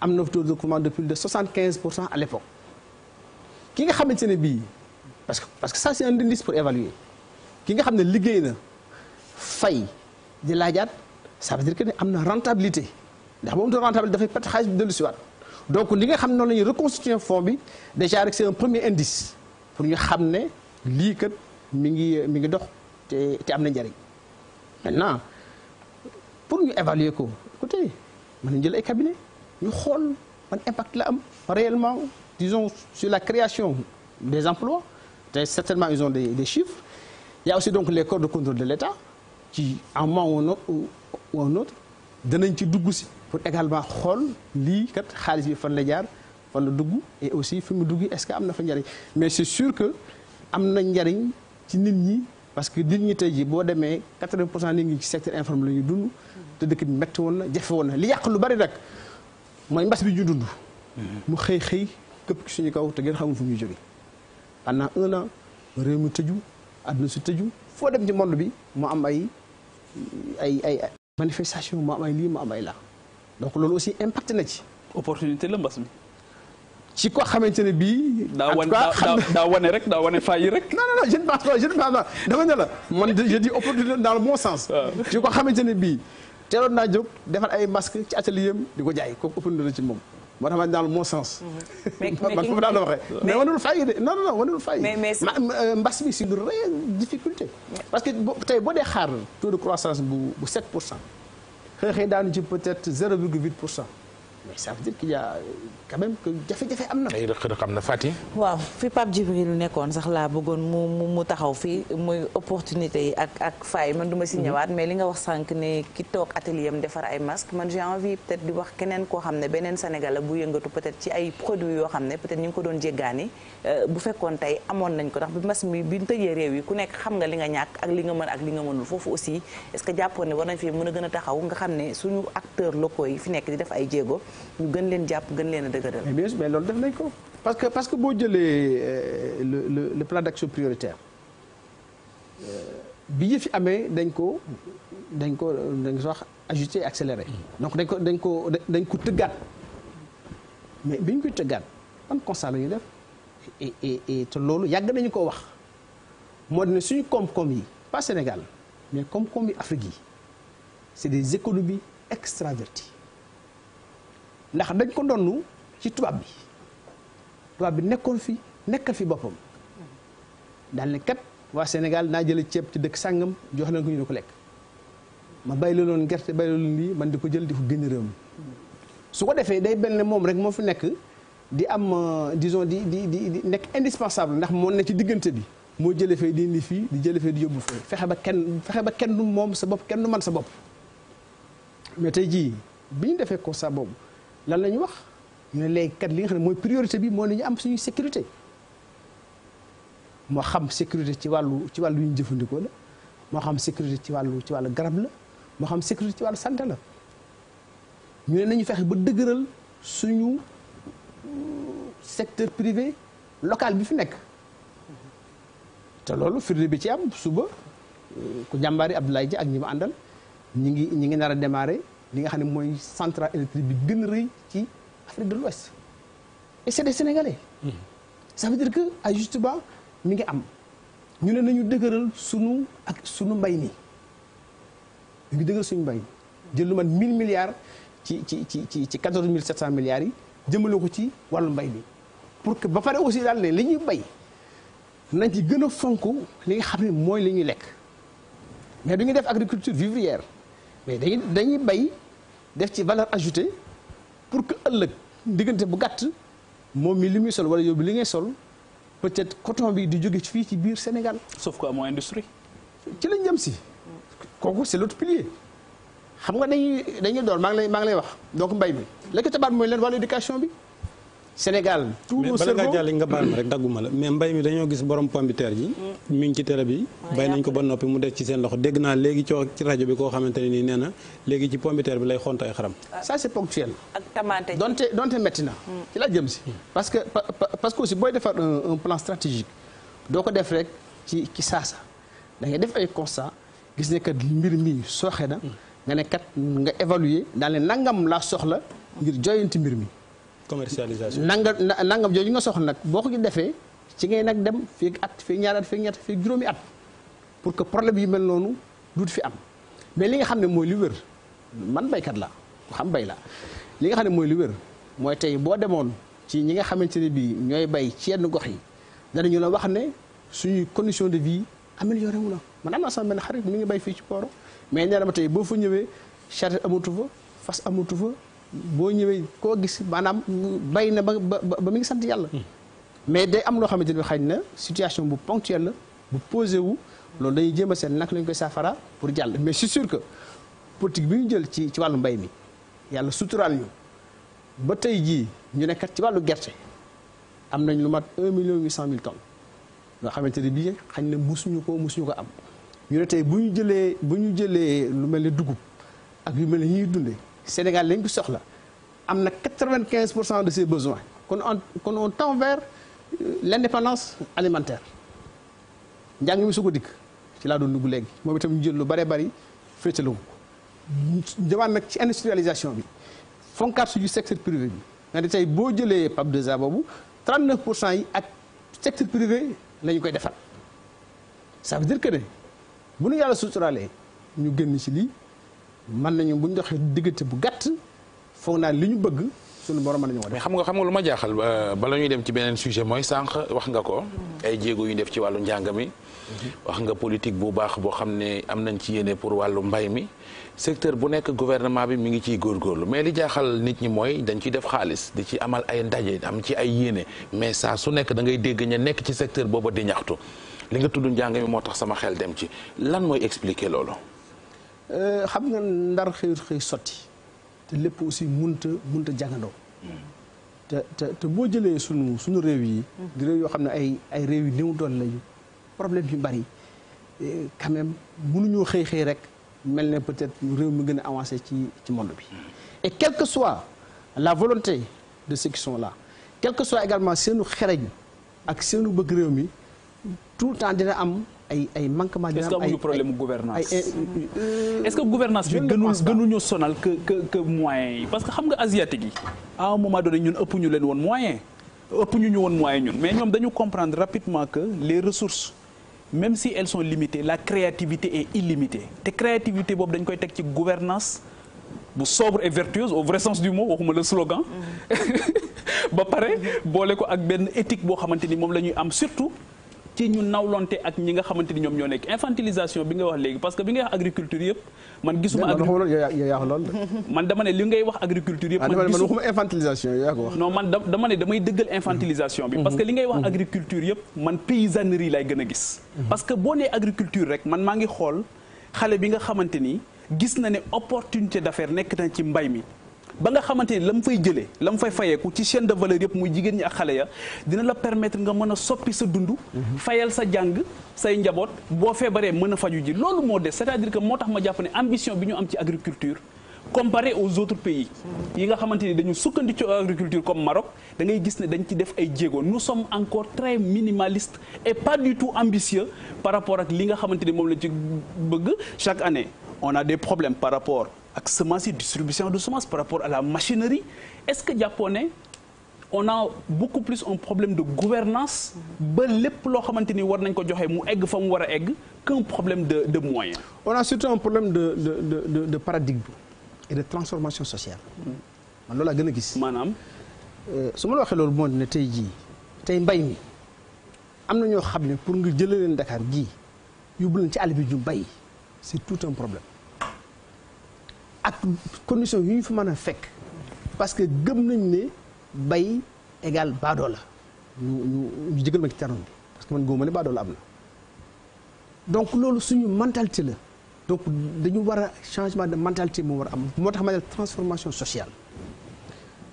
C: am na taux de pour cent à l'époque ki nga xamante ne bii parce que parce que ça c'est un indice pour évaluer ki nga xam ne liggéey na fay di laajaat ça veut dire que ne am na rentabilité ndax moom doon rentabilité dafay perte xaalis bi dellu si waat donc li nga xam noonu la ñuy reconstituer fonds bi déjà rek c'est premier indice pour ñu xam ne lii kat mi ngi mi ngi dox te te am na njariñ maintenant pour ñu évaluer ko écoutez mën nañu jël ay cabinet ñu xool ban impact la am réellement dison su la création des emplois. Certainement, ils ont des, des, chiffres. Il y a aussi donc les corps de contrôle de l'État ci en moment ou un autre, ou, ou danañ ci dugg si pour également xool lii kat xaalis bi fan la jaar fan la dugg et aussi fi mu dugg est-ce que am na fa njariñ mais c'est sûr que am na njariñ ci nit ñi parce que nit ñi tey jii boo demee 80 pour cent nit ñi ci secteur informel la ñuy dund te dëkk bi métti woon na jafe woon na li yàq lu bari rek mooy mbas bi ñu dund mmh. mu këpp ci suñu kaw te ngeen xamul fu ñuy jóge pendant un an réew mi tëju àdduna si tëju foo dem ci monde bi mu am ay ay ay manifestation mu am ay lii mu am ay laa donc loolu aussi impacté na ci opportunité la mbas mi ci ko xamante ne bii
E: daa wane daa wane rek daa
C: wane faa yi rek non non non je ne pense pas je ne pense pas dama ne la man je xamante ne bii teeloon naa jóg defar ay masque ci atelier di ko jaay kooku opportunité la ci moom moo tax ma daal moo sens. Mhm. mais man foofu daal la waxee. mais wanul fay de non non wanul fay. mais euh, mbas mi si du réel difficulté. parce que bo tey boo dee xaar taux de croissance bu bu 7 pour cent xëy xëy daanu ci peut-être 0,8 pour cent. mais ça veut
D: a quand jafe-jafe am na.
A: ay rëq-rëq am na Fati.
D: waaw fi Pape Djibril nekkoon sax laa bëggoon mu mu taxaw fii muy opportunité yi ak ak faay man du ma si mhm. ñëwaat mais li nga wax sànq ne ki toog atelier am defar ay masque man j'ai envie wax keneen koo xam ne beneen bu yëngatu peut-être ci ay yoo xam ne peut ngi ko doon jéggaani euh, bu fekkoon tey amoon nañ ko ndax bi mas mi bi ñu tëjee réew yi ku nekk xam nga li nga ñàkk ak li nga mën ak li nga mënul foofu aussi est-ce que jàppoon ne war nañ fi mën a gën a taxaw nga xam ne suñu acteurs locaux yi fi nekk di def ay jéego ñu gën leen jàpp gën leen a dëgëral. mais bien sûr mais loolu def nañ ko
C: parce que parce que boo jëlee euh, le le le plan d'action prioritaire euh, bi yëf yi amee dañ ko dañ ko dañ ko wax ajusté accéléré. donc dañ ko dañ ko dañ ko tëggaat mais bi ñu koy tëggaat ban constat la def te loolu yàgg nañu ko wax moo di ne suñu koom-koom yi pas Sénégal mais comme koom yi Afrique yi c'est des économies extraverties. ndax dañ ko donnu ci tubaab bi tubaab bi nekkoon fi nekkal fi boppam daal ne kat waa Sénégal naa jële ceeb ci dëkk sàngam jox leen ko ñu ko lekk ma bay la loon gerte bay la loon lii man di ko jël di ko génn réew mi su ko defee day benn moom rek moo fi nekk di am euh, disons di di di di nekk indispensable ndax moo ne ci diggante bi moo jële fee di indi fii di jële fee di yóbbu fee fexe ba kenn fexe ba kenn du moom sa bopp kenn du man sa bopp mais tey jii bi ñu defee constat boobu lan la ñu wax ñu ne léegi kat li nga xam ne mooy priorité bi moo la ñu am suñu sécurité moo xam sécurité ci wàllu ci wàllu yu jëfandikoo la moo xam sécurité ci wàllu ci wàllu garab la moo xam sécurité ci wàllu sante la ñu ne nañu fexe ba dëgëral suñu secteur privé local bi fi nekk te loolu firnde bi ci am suba ku jàmbaari Abdoulaye Dia ak ñi ma àndal ñi ngi ñi ngi nar a démarrer li nga xam ne mooy centrale électrique bi gën a rëy ci Afrique de l'Ouest et c'est des Sénégalais. Mm-hmm. ça dire que à juste mi ngi am ñu ne nañu dëgëral sunu ak sunu mbay mi ñu ngi dëgëral suñu mbay mi jël lu man 1000 milliards ci ci ci ci ci 14700 milliards yi jëmale ko ci wàllu mbay mi pour que ba pare aussi daal ne li ñuy mbay nañ ci gën a fonk li nga xam ne mooy li ñuy lekk mais du ñu def agriculture vivrière mais dañuy dañuy bay def ci valeur ajouté pour que ëllëg diggante bu gàtt moom mi li muy sol wala yóbbu li ngay sol peut-être coton bi di jóge fii ci biir Sénégal. sauf que amoo industrie. ci lañ jëm si. kooku c'est l'autre pilier. xam nga dañuy dañuy door maa ngi lay maa ngi lay wax donc mbay mi la ko tabaat mooy leen wàllu éducation bi. Sénégal tout nos cerveaux bala ngaa jàll nga baal
F: ma rek dagguma la mais mbay mi dañoo gis borom pompiteer ji. Mm. mi ngi ci télé bi. Ah, bay nañ ko ba noppi mu def ci seen loxo dégg naa léegi coo ci rajo bi koo xamante ne nii nee na léegi ci pompiteer bi lay xont ay xaram. Ah, ça c'est ponctuel.
D: ak tamaate donte
C: donte métti na. Mm. ci la jëm si. Mm. parce que parce que aussi booy defar un plan stratégique doo ko def rek ci ci saasa da ngay def ay constat gis ne kat mbir mi sooxe na nga ne kat nga évaluer daal ne nangam laa soxla ngir joyanti mbir mi. commercialisation nangam nangam jooju nga soxla nag boo ko defee ci ngay nag dem fii at fii ñaari at fii ñett fii juróomi at pour que problème yi mel noonu duut fi am mais li nga xam ne mooy li wér man baykat la xam bay la li nga xam ne mooy li mooy tey boo demoon ci ñi nga xamante ne bii ñooy bay ci yenn gox yi danañu la wax ne suñuy condition de vie amélioré wu na man am naa sama benn xarit mi ngi bay fii ci Poro mais nee na ma tey boo fa ñëwee charrette amatu fa fas amatu fa boo ñëwee koo gis maanaam bay na ba ba ba ngi sant yàlla. Hmm. mais day am loo xamante ni xañ na situation bu ponctuelle la bu posé wu. loolu dañuy jéem a seet naka lañ koy saafara pour jàll mais c'est sûr que politique bi ñu jël ci ci wàllu mbay mi yàlla suturaal ñu ba tey jii ñu nekkat ci wàllu gerte am nañ lu mat 1 million cent mille tonnes loo xamante ne bi xañ na musuñu ko musuñu ko am ñu ne tey bu ñu jëlee bu ñu jëlee lu mel ne dugub ak yu mel ne ñuy dundee. Sénégal lañ ko soxla am na quatre-vingt-quinze pour cent de ses besoins kon on kon on tend vers euh, l'indépendance alimentaire njàng mi su ko dikk ci laa doon dugg léegi moom itam ñu jël lu bëree bari féetaloo ko jëmaat nag ci industrialisation bi fonkaat suñu secteur privé bi nga ne tey boo jëlee PAP 2A boobu 39 pour cent yi ak secteur privé lañu koy defal ça veut dire que ne bu nu yàlla suturaalee ñu génn ci lii. mën nañu bu ñu doxee diggante bu gàtt foog naa li ñu bëgg suñu borom
A: mën nañu wax def xam nga xam nga lu ma jaaxal euh, bala ñuy dem ci beneen sujet mooy sànq wax nga ko mm-hmm. ay jéego yu def ci wàllu njàng mi mm-hmm. wax nga politique bu baax boo xam ne am nañ ci yéene pour wàllu mbay mi secteur bu nekk gouvernement bi mi ngi ciy góorgóorlu mais li jaaxal nit ñi mooy dañ ciy def xaalis di ci amal ay ndaje am ci ay yéene mais saa su nekk dangay dégg ña nekk ci secteur booba di ñaxtu li nga tudd njàng mi moo tax sama xel dem ci lan mooy expliquer loolu
C: Euh, xam nga ndar xëyut xëy sotti te lépp aussi munta munta jàngandoo te te te boo jëlee sunu suñu réew yi di réew yoo xam ne ay ay réew yu néew doole lañu problème yu bari quand même mënuñoo xëy xëy rek mel ne peut-être réew mi gën a avancé ci ci monde bi et quelle soit la volonté de ceux qui sont là quel soit également seenu xereñ ak seenu bëgg réew mi tout le temps dina am ay ay manquement. dina am ay est ce que amuñu problème gouvernance euh,
E: est ce que gouvernance bi gënul gënuñu sonal que que que moyens yi parce que xam nga asiatique yi à un moment donné ñun ëpp ñu leen woon moyen ëpp ñu ñu woon moyen ñun mais ñoom dañu comprendre rapidement que les ressources même si elles sont limitées la créativité est illimitée te créativité boobu dañ koy teg ci gouvernance bu sobre et vertueuse au vrai sens du mot waxuma le slogan mm-hmm. ba pare boole ko ak benn éthique boo xamante ni moom la ñuy am surtout ci ñu nawlonte ak ñi nga xamante ni ñoom ñoo nekk infantilisation bi nga wax léegi parce que bi ngay wax agriculture yëpp man gisuma man dama li ngay wax agriculture yëpp ah, man waxuma
C: infantilisation yaa ko
E: dama ne damay dëggal infantilisation bi parce que li ngay wax mhm. agriculture yëpp man paysannerie lay gën a gis mhm. parce que boo ne agriculture rek man maa ngi xool xale bi nga xamante ni gis na ne opportunité d'affaires nekk na ci mbay mi ba nga xamante ni la mu fay jëlee la mu fay fayeeku ci chaîne de valeur yëpp muy jigéen ñi ak xale ya dina la permettre nga mën a soppi sa dund fayal sa jàng say njaboot boo feebaree mën a faju ji loolu moo des c'est-à-dire que moo tax ma jàpp ne ambition bi ñu am ci agriculture comparé aux autres pays yi nga xamante ni dañu sukkandi ci agriculture comme Maroc dangay gis ne dañ ci def ay jéego nous sommes encore très minimalistes et pas du tout ambitieux par ak li nga xamante ni moom la ci bëgg chaque année on a des problèmes par rapport ak semence yi distribution de semence par rapport à la machinerie est-ce que jàppoo ne on a beaucoup plus un problème de gouvernance ba lépp loo xamante ni war nañ ko joxe mu egg fa mu war a egg qu'un problème de de moyens.
C: on a surtout un problème de de de de, de paradigme et de transformation sociale. man loolu laa gën a gis. maanaam. Euh, su ma la waxee loolu moo ne tey jii tey mbay mi am na ñoo xam ne pour ngi jëlee leen Dakar gii yóbbu leen ci àll bi ñu bay c'est tout un problème. ak condition yu ñu fi mën a fekk parce que gëm nañ ne bay égal baadoo la ñu ñu ñu ma ci terme bi parce que man góob ma baadoo la am na donc loolu suñu mentalité la donc dañu war a changement de mentalité moo war a am moo tax ma ne transformation sociale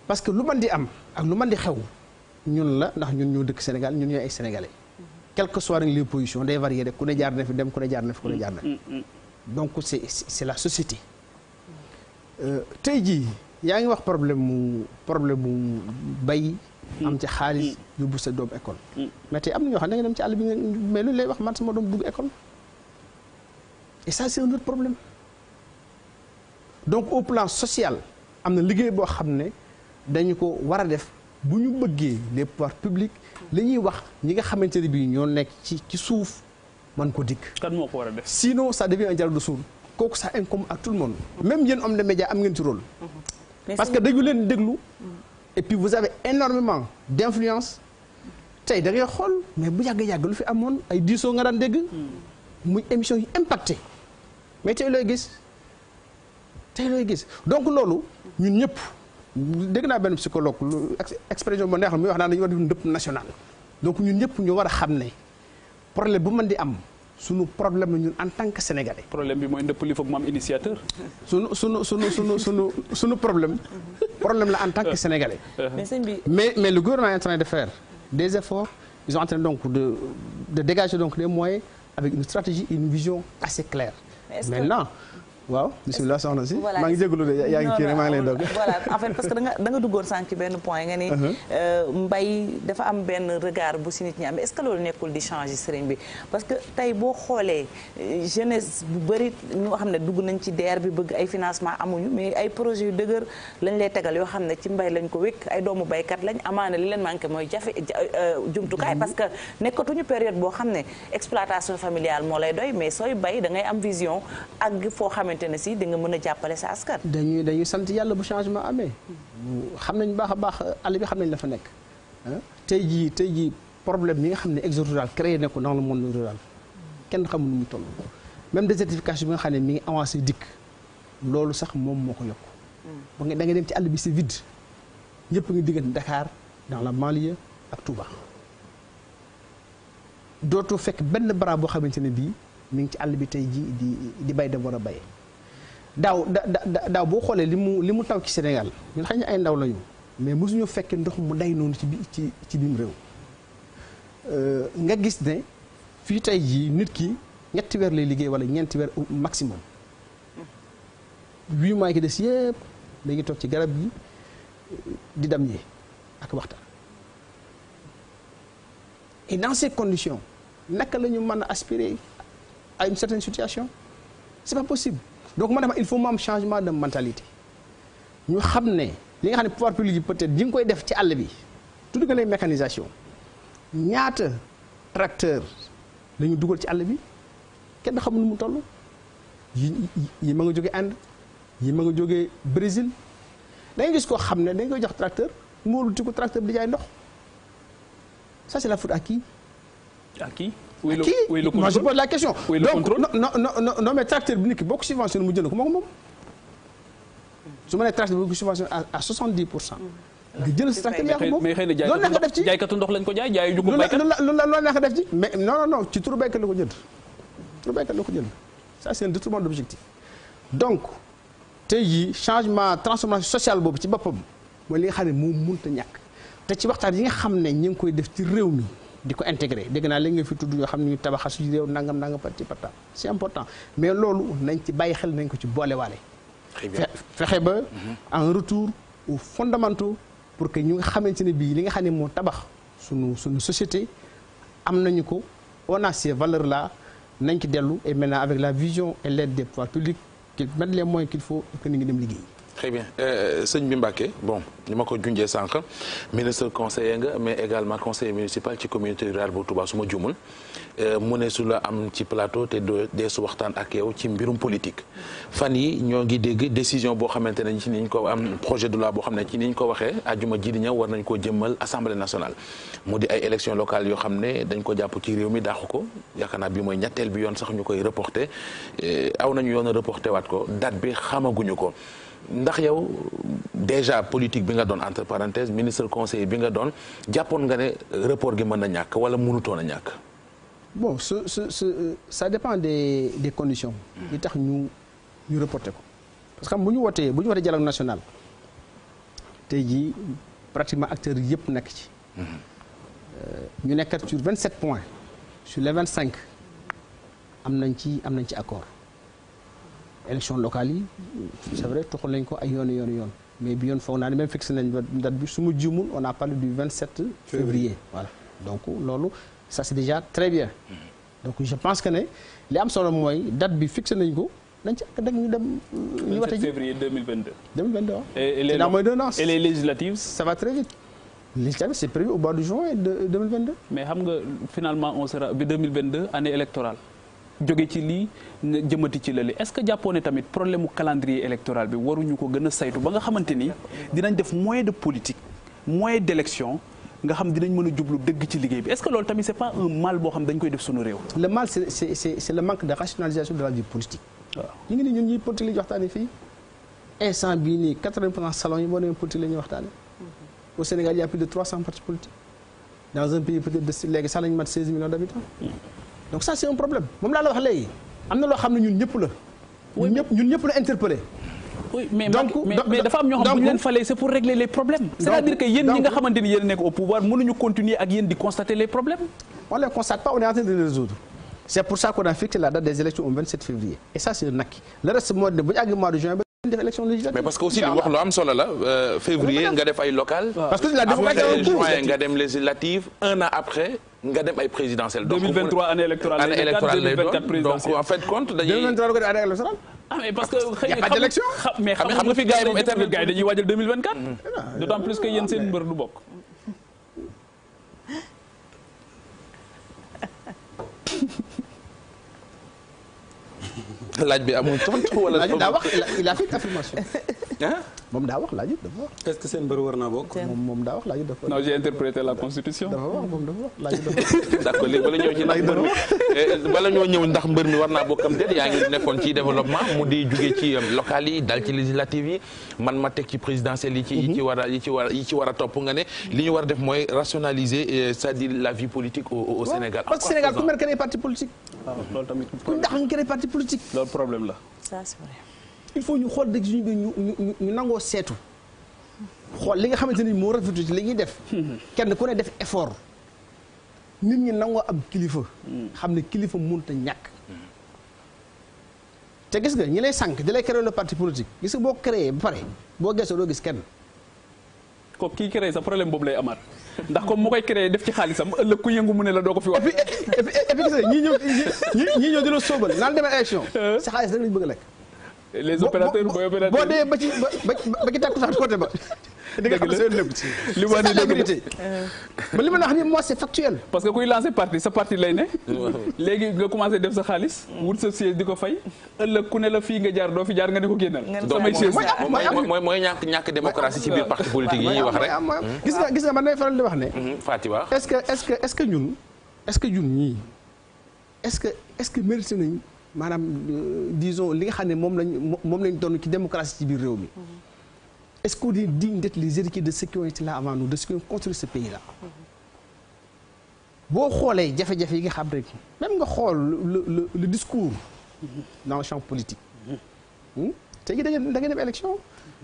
C: parce que lu man di am ak lu man di xew ñun la ndax ñun ñoo dëkk Sénégal ñun ñooy ay sénégalais quel que soit nag les positions day varier rek ku ne jaar na fi dem ku ne jaar na fi ku ne jaar na fi mm, mm, mm. Euh, tey jii yaa ngi wax problème mu problème mu bay. am ci xaalis yóbbu sa doom école. mais am na ñoo xam ne da nga dem ci àll bi nga mais lu lay wax man sama doom dugg école et ça problème donc au plan social am na liggéey boo xam ne dañu ko war a def bu ñu bëggee les pouvoirs publique li ñuy wax ñi nga xamante ne bii ñoo nekk ci ci suuf man ko dikk. kan moo ko war a def sinon sa devient un dialogue de sourds. kooku ça incombe a tout le monde. même yéen hommes de médias am ngeen ci rôle. parce que dañu leen déglu. Mm. et puis vous avez énormément d' influence. tey da ngay xool mais bu yàgg yàgg lu fi amoon ay diisoo nga daan dégg. Mm. muy émission yi impacté. mais tey looy gis tey looy gis donc loolu ñun ñëpp. dégg naa benn psychologue lu expression bu neex la muy wax naan dañu war a def national donc ñun ñëpp ñu war a xam ne problème bu mën di am. suñu problème ñun en tant que sénégalais. problème bi mooy
E: ndëpp li foog mu am initiateur.
C: suñu suñu suñu suñu suñu suñu problème. problème la en tant que sénégalais. mais sëñ bi mais mais le gouvernement est en train de faire des efforts ils sont en donc de de dégager donc des moyens avec une stratégie et une vision assez claire. mais maintenant. waaw bisimilah soxna si voilà maa ngi jégalu de yaa da nga
D: da uh-huh. euh, am benn regard bu si nit am est di changer sëriñ bi parce que tey boo xoolee euh, jeunesse bu bëri ñoo xam ne dugg nañ ci DER bi bëgg ay financement amuñu mais ay projet yu dëgër lañ lay tegal yoo xam ne ci mbay lañ ko wékk ay doomu baykat lañ amaana li leen manqué mooy jafe euh, jumtukaay uh-huh. parce que nekkatuñu période boo xam ne exploitation familiale moo lay doy mais sooy bay da ngay am vision ak foo xamante xamante ne si nga mën a jàppale sa askan.
C: dañuy dañuy sant yàlla bu changement amee. xam nañ baax a baax àll bi xam nañ la fa nekk. Ah, tey jii tey jii problème mi nga xam ne exode rural créé na ko dans le rural kenn xamul nu mu toll. même désertification bi nga xam ne mi ngi avancé dikk loolu sax moom moo ko yokk. danga dem ci àll bi c'est vide ñëpp nga diggante Dakar dans la banlieue ak Touba. dootoo fekk benn bara boo xamante ne bii mi ngi ci àll bi tey ji di di bay da war a bayee daaw da daaw boo xoolee li mu li mu taw ci Sénégal ñun xëy na ay ndaw lañu mais mosuñu fekkee ndox mu day noonu ci biir ci ci biim réew euh, nga gis ne fii tey jii nit ki ñetti weer lay liggéey wala ñeenti weer maximum huit mois ki des yëpp dañuy toog ci garab gi di dem ñi ak waxtaan et dans ces conditions naka lañu ñu mën a aspirer à une certaine situation c'est pas possible donc ma ne il faut mu am changement de mentalité ñu xam ne li nga xam ne pouvoir public yi peut-être ñi ngi koy def ci àll bi tudd nga lay mécanisation ñaata tracteur la dugal ci àll bi kenn xamul nu mu toll yi yi ma nga jógee Inde yi ma nga jóge Brésil da ngay gis koo xam ne dañ koy jox tracteur mu wóolu ci ko tracteur di jaay ndox ça c'est la faute à qui à qui oui le oui le moi je pose la question. donc non non non non tracteur bi nit ki boo ko subventionné mu jënd ko moom su ma nee tracteur bi boo ko subventionné à 70 pour cent. jël si tracteur yaa ko moom. mais xëy na jaaykatu ndox jaaykatu ndox lañ ko jaay jaayu ñu ko béykat. loolu la loolu la loolu la nga def ci mais non non non ci turu béykat la ko jënd turu béykat la ko jënd ça c'est un d'objectif donc te ji changement transformation sociale boobu ci boppam mooy li nga xam ne moom mënut ta ñàkk te ci waxtaan yi nga xam ne ñu ngi koy def ci réew mi di ko intégré dégg naa léegi nga fi tudd ñoo xam ne ñu a suñu réew nangam nangam ci parta c'est important mais loolu nañ ci bàyyi xel nañ ko ci boolewaale fexe ba en retour aux fondamentaux pour que ñu nga xamante ne bii li nga xam ne moo tabax suñu suñu société am nañu ko on a valeur la nañ ci dellu et maintenant avec la vision et l'aide des pouvoirs publics qu'ils mettent les moyens qu'il faut que ni ngi dem liggéey
A: très bien euh, sëñ bi Mbacke bon nu ma ko junjee sànq ministre conseil nga mais également conseil municipal ci communauté rural bu Touba su ma jumul euh, mu ne su la am ci plateau te dee su waxtaan ak yow ci mbirum politique fan yi ñoo ngi dégg décision boo xamante ne ci niñ ko am projet de loi boo xam ne ci ni ñu ko waxee ajuma ji di ñëw war nañ koo jëmmal assemblée nationale mu di ay élections locales yoo xam ne dañ ko jàpp ci réew mi dàqu ko yaakaar naa bi mooy ñetteel bi yoon sax ñu koy reporté euh, aw nañu yoon reporté waat ko date bi xamaguñu ko ndax yow déjà politique bi nga doon entre parenthèses ministre conseiller bi nga doon jàppoon nga ne report gi mën na ñàkk wala mënutoon a ñàkk.
C: bon ce ce ce ça dépend des des conditions. tax ñu ñu reporté ko. parce que bu ñu wootee bu ñu wootee dialogue national tey jii pratiquement acteurs yëpp nekk ci. Euh, ñu nekkat sur 27 points sur les 25 am nañ ci am nañ ci accord. élection locale yi c' est vrai toxal nañ ko ay yoon yoon yoon mais bi yoon foog naa ne même fixé nañ date bi su ma jiwmul on a parlé du février donc loolu sa c' est déjà très bien donc je pense que ne li am solo mooy date bi fixé nañ ko nañ ci ak ñu dem
E: ñu wate ji 27 février 2022 2022 et dans moins et les législatives va très vite
C: législative c'est prévu au mois de juin de 2022
E: mais xam nga finalement on sera bi 2022 année électorale jóge ci lii jëmati ci lële est-ce que jàppoo ne tamit problème mu calendrier électoral bi waruñu ko gën a saytu ba nga xamante ni dinañ def moyen de politique moyen d'élection nga xam dinañ mën a jublu dëgg ci liggéey bi est-ce que loolu tamit c'est pas un mal boo xam dañ koy def
C: suñu réew. le mal c'est c'est manque de rationalisation de la vie politique. waaw ñu ni ñuy politique la ñu waxtaanee fii bii nii salon yi boo demee politique la ñuy waxtaanee. Mm-hmm. au Sénégal a plus de 300 donc ça c'est un problème moom laa la wax léegi am na loo xam ne ñun ñëpp la. ñun ñëpp la interpellé.
E: mais donc am ñoo xam bu ñu leen falee c'est pour régler les problèmes.
C: c'est-à-dire que yéen ñi nga xamante ni nekk au pouvoir mënuñu continuer ak yéen di constater les problèmes. on les constate pas on est résoudre. c'est pour ça qu'on a fixé la date des élections au 27 février et ça c'est un acquis le reste moo de bu de juin def élection législative mais parce que aussi li wax
A: lu am euh, février nga def ay local parce que la juin nga dem législative un an après nga dem ay présidentielle donc 2023 année électorale année électorale lay doon en fait compte dañuy 2023 ah, ah, nga ah,
E: def mm. d'autant plus que yéen seen mbër
A: du bokk
F: laaj bi amul tontu wala. laaj daa wax
C: il a fait une affirmation.
F: moom daa wax laaj dafa wax. est-ce que seen mbër war naa bokk. moom moom daa wax laaj dafa wax. non j'ai interprété
A: la constitution. dafa wax moom dafa wax laaj dafa wax. d'accord
F: léegi bala ñëw ci ndax mbër
A: mi eh, bala ñoo ñëw ndax mbër mi war naa bokkam déet yaa ngi nekkoon ci développement mu di jugee ci euh, local yi dal ci législative yi man ma teg ci présidentielle yi ci yi ci mhm. war a yi ci war a yi ci war a topp nga ne li ñu war a def mooy rationaliser euh, c'est-à-dire la vie politique au Sénégal. parce que Sénégal ku mel
C: ne parti politique. Ah, loolu tamit problème ndax ñu créé parti politique. loolu problème la. ça il faut ñu xool dëgg suñu bi ñu ñu ñu nangoo seetu xool li nga xamante ni moo rafetu ci li ñuy def. kenn ku ne def effort. nit ñi nangoo am kilifa. xam ne kilifa mënut a ñàkk. te gis nga ñi lay sànq di lay créé le parti politique gis nga boo créé ba pare boo gëstoo doo gis kenn. ko kii créé sa
E: problème boobu lay amaat. ndax comme mu koy créé def ci xaalisam ëllëg ku yëngu mu ne la doo ko fi wax. et puis
C: et puis ñii ñëw ñii ñëw dina sóobal naan demee élection. Euh. sa xaalis rek lañ bëgg a lekk. les opérateurs booy opérateurs boo dee ba ci ba ci takkusaan côté ba. di nga xam seen lépp ci li
E: ma ni dëgg ba li ma wax ni moo c'est parce que kuy lancer parti sa parti lay ne léegi nga commencé def sa xaalis wut sa siège di ko fay ëllëg ku ne la fii nga jaar doo fi jaar nga ne
A: ko génnal samay siège mooy mooy ñàkk ñàkk démocratie ci biir parti politique yi ñuy wax rek
C: gis nga gis man day faral di wax ne mm-hmm.
A: Fati wax est-ce
C: est est est est est-ce nañ maanaam euh, disons li nga xam ne moom lañ moom lañ doon ci démocratie ci biir réew mi mm-hmm. Est-ce qu'on est digne d'être les héritiers de ceux qui ont été là avant nous, de ceux qui construit ce pays-là boo xoolee jafe-jafe yi nga xam rek même nga xool le le discours dans le champ politique hmm? tey jii da ngeen da dem élection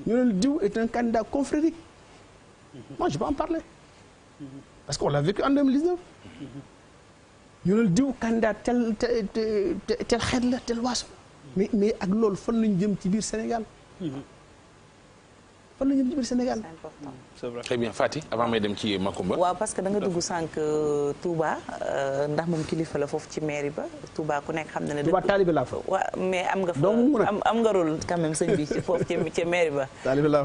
C: ñu ne diw est un candidat confrérique moi je peux en parler parce qu'on l'a vécu en 2019 ñu ne diw candidat tel tel waaso mais mais ak loolu fan lañu jëm ci biir Sénégal fan la ñu jëm biir Sénégal.
A: c'est vrai très avant may dem ci Makumba.
D: waaw parce que da nga dugg sànq euh, Touba euh, ndax moom kilifa la foofu ci mairie ba Touba ku nekk xam ne. Touba taalibe laa fa. waaw mais am nga fa am am nga rôle quand même sëñ bi foofu ci ci mairie ba. nga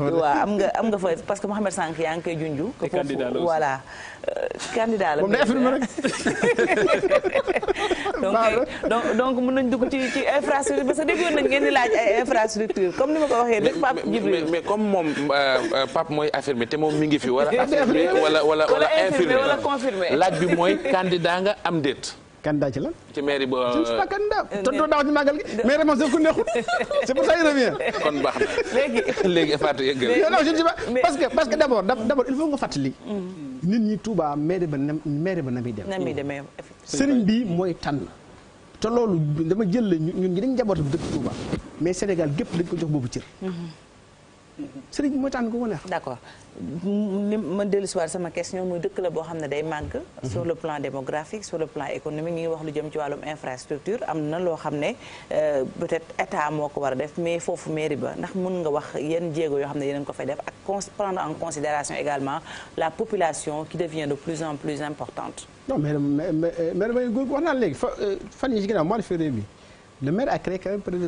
D: que Mouhamed Sànq yaa ngi koy junju. te candidat la voilà. Euh, candidat la moom day affirmé rek. donc donc mën nañ dugg ci infrastructure parce que déggoon nañ ngeen di laaj ay infrastructure comme ni ma ko waxee rek Pape Djibril
A: mais comme moom Pape mooy affirmé moom mi ngi fi wala assuré wala wala wala infirmé wala confirmé laaj bi mooy candidat nga am déet candidat ci lan ci mairie bo je ne suis pas
C: candidat euh, tontoo daaw ci màggal gi mais réponse daf ko neexul c'est pour ça il revient
A: kon baax na léegi léegi Fatou yëggal non je ne sais pas parce que
C: parce que d'abord d'abord il faut nga fàttali mm. nit ñi Touba mairie ba na mairie ba na muy dem sëriñ bi mooy tànn te loolu dama jël ñun ñi dañ njaboot bi dëkk Touba mais Sénégal gépp dañ ko jox boobu cër
D: mm-hmm. sëriñ bi mooy tànn ku ko neex. d' accord li sama question muy dëkk la boo xam ne day màgg. sur le plan démographique sur le plan économique ñu ngi wax lu jëm ci wàllum infrastructure am na loo xam ne euh, peut-être état moo ko war a def mais foofu mairie ba ndax mun nga wax yenn jéego yoo xam ne yeneen ko fay def ak prendre en considération également la population qui devient de plus en plus importante.
C: non mais mais mais euh, mais wax naa léegi euh, fan yii ci ginnaaw mois bi le maire a créé quand même près de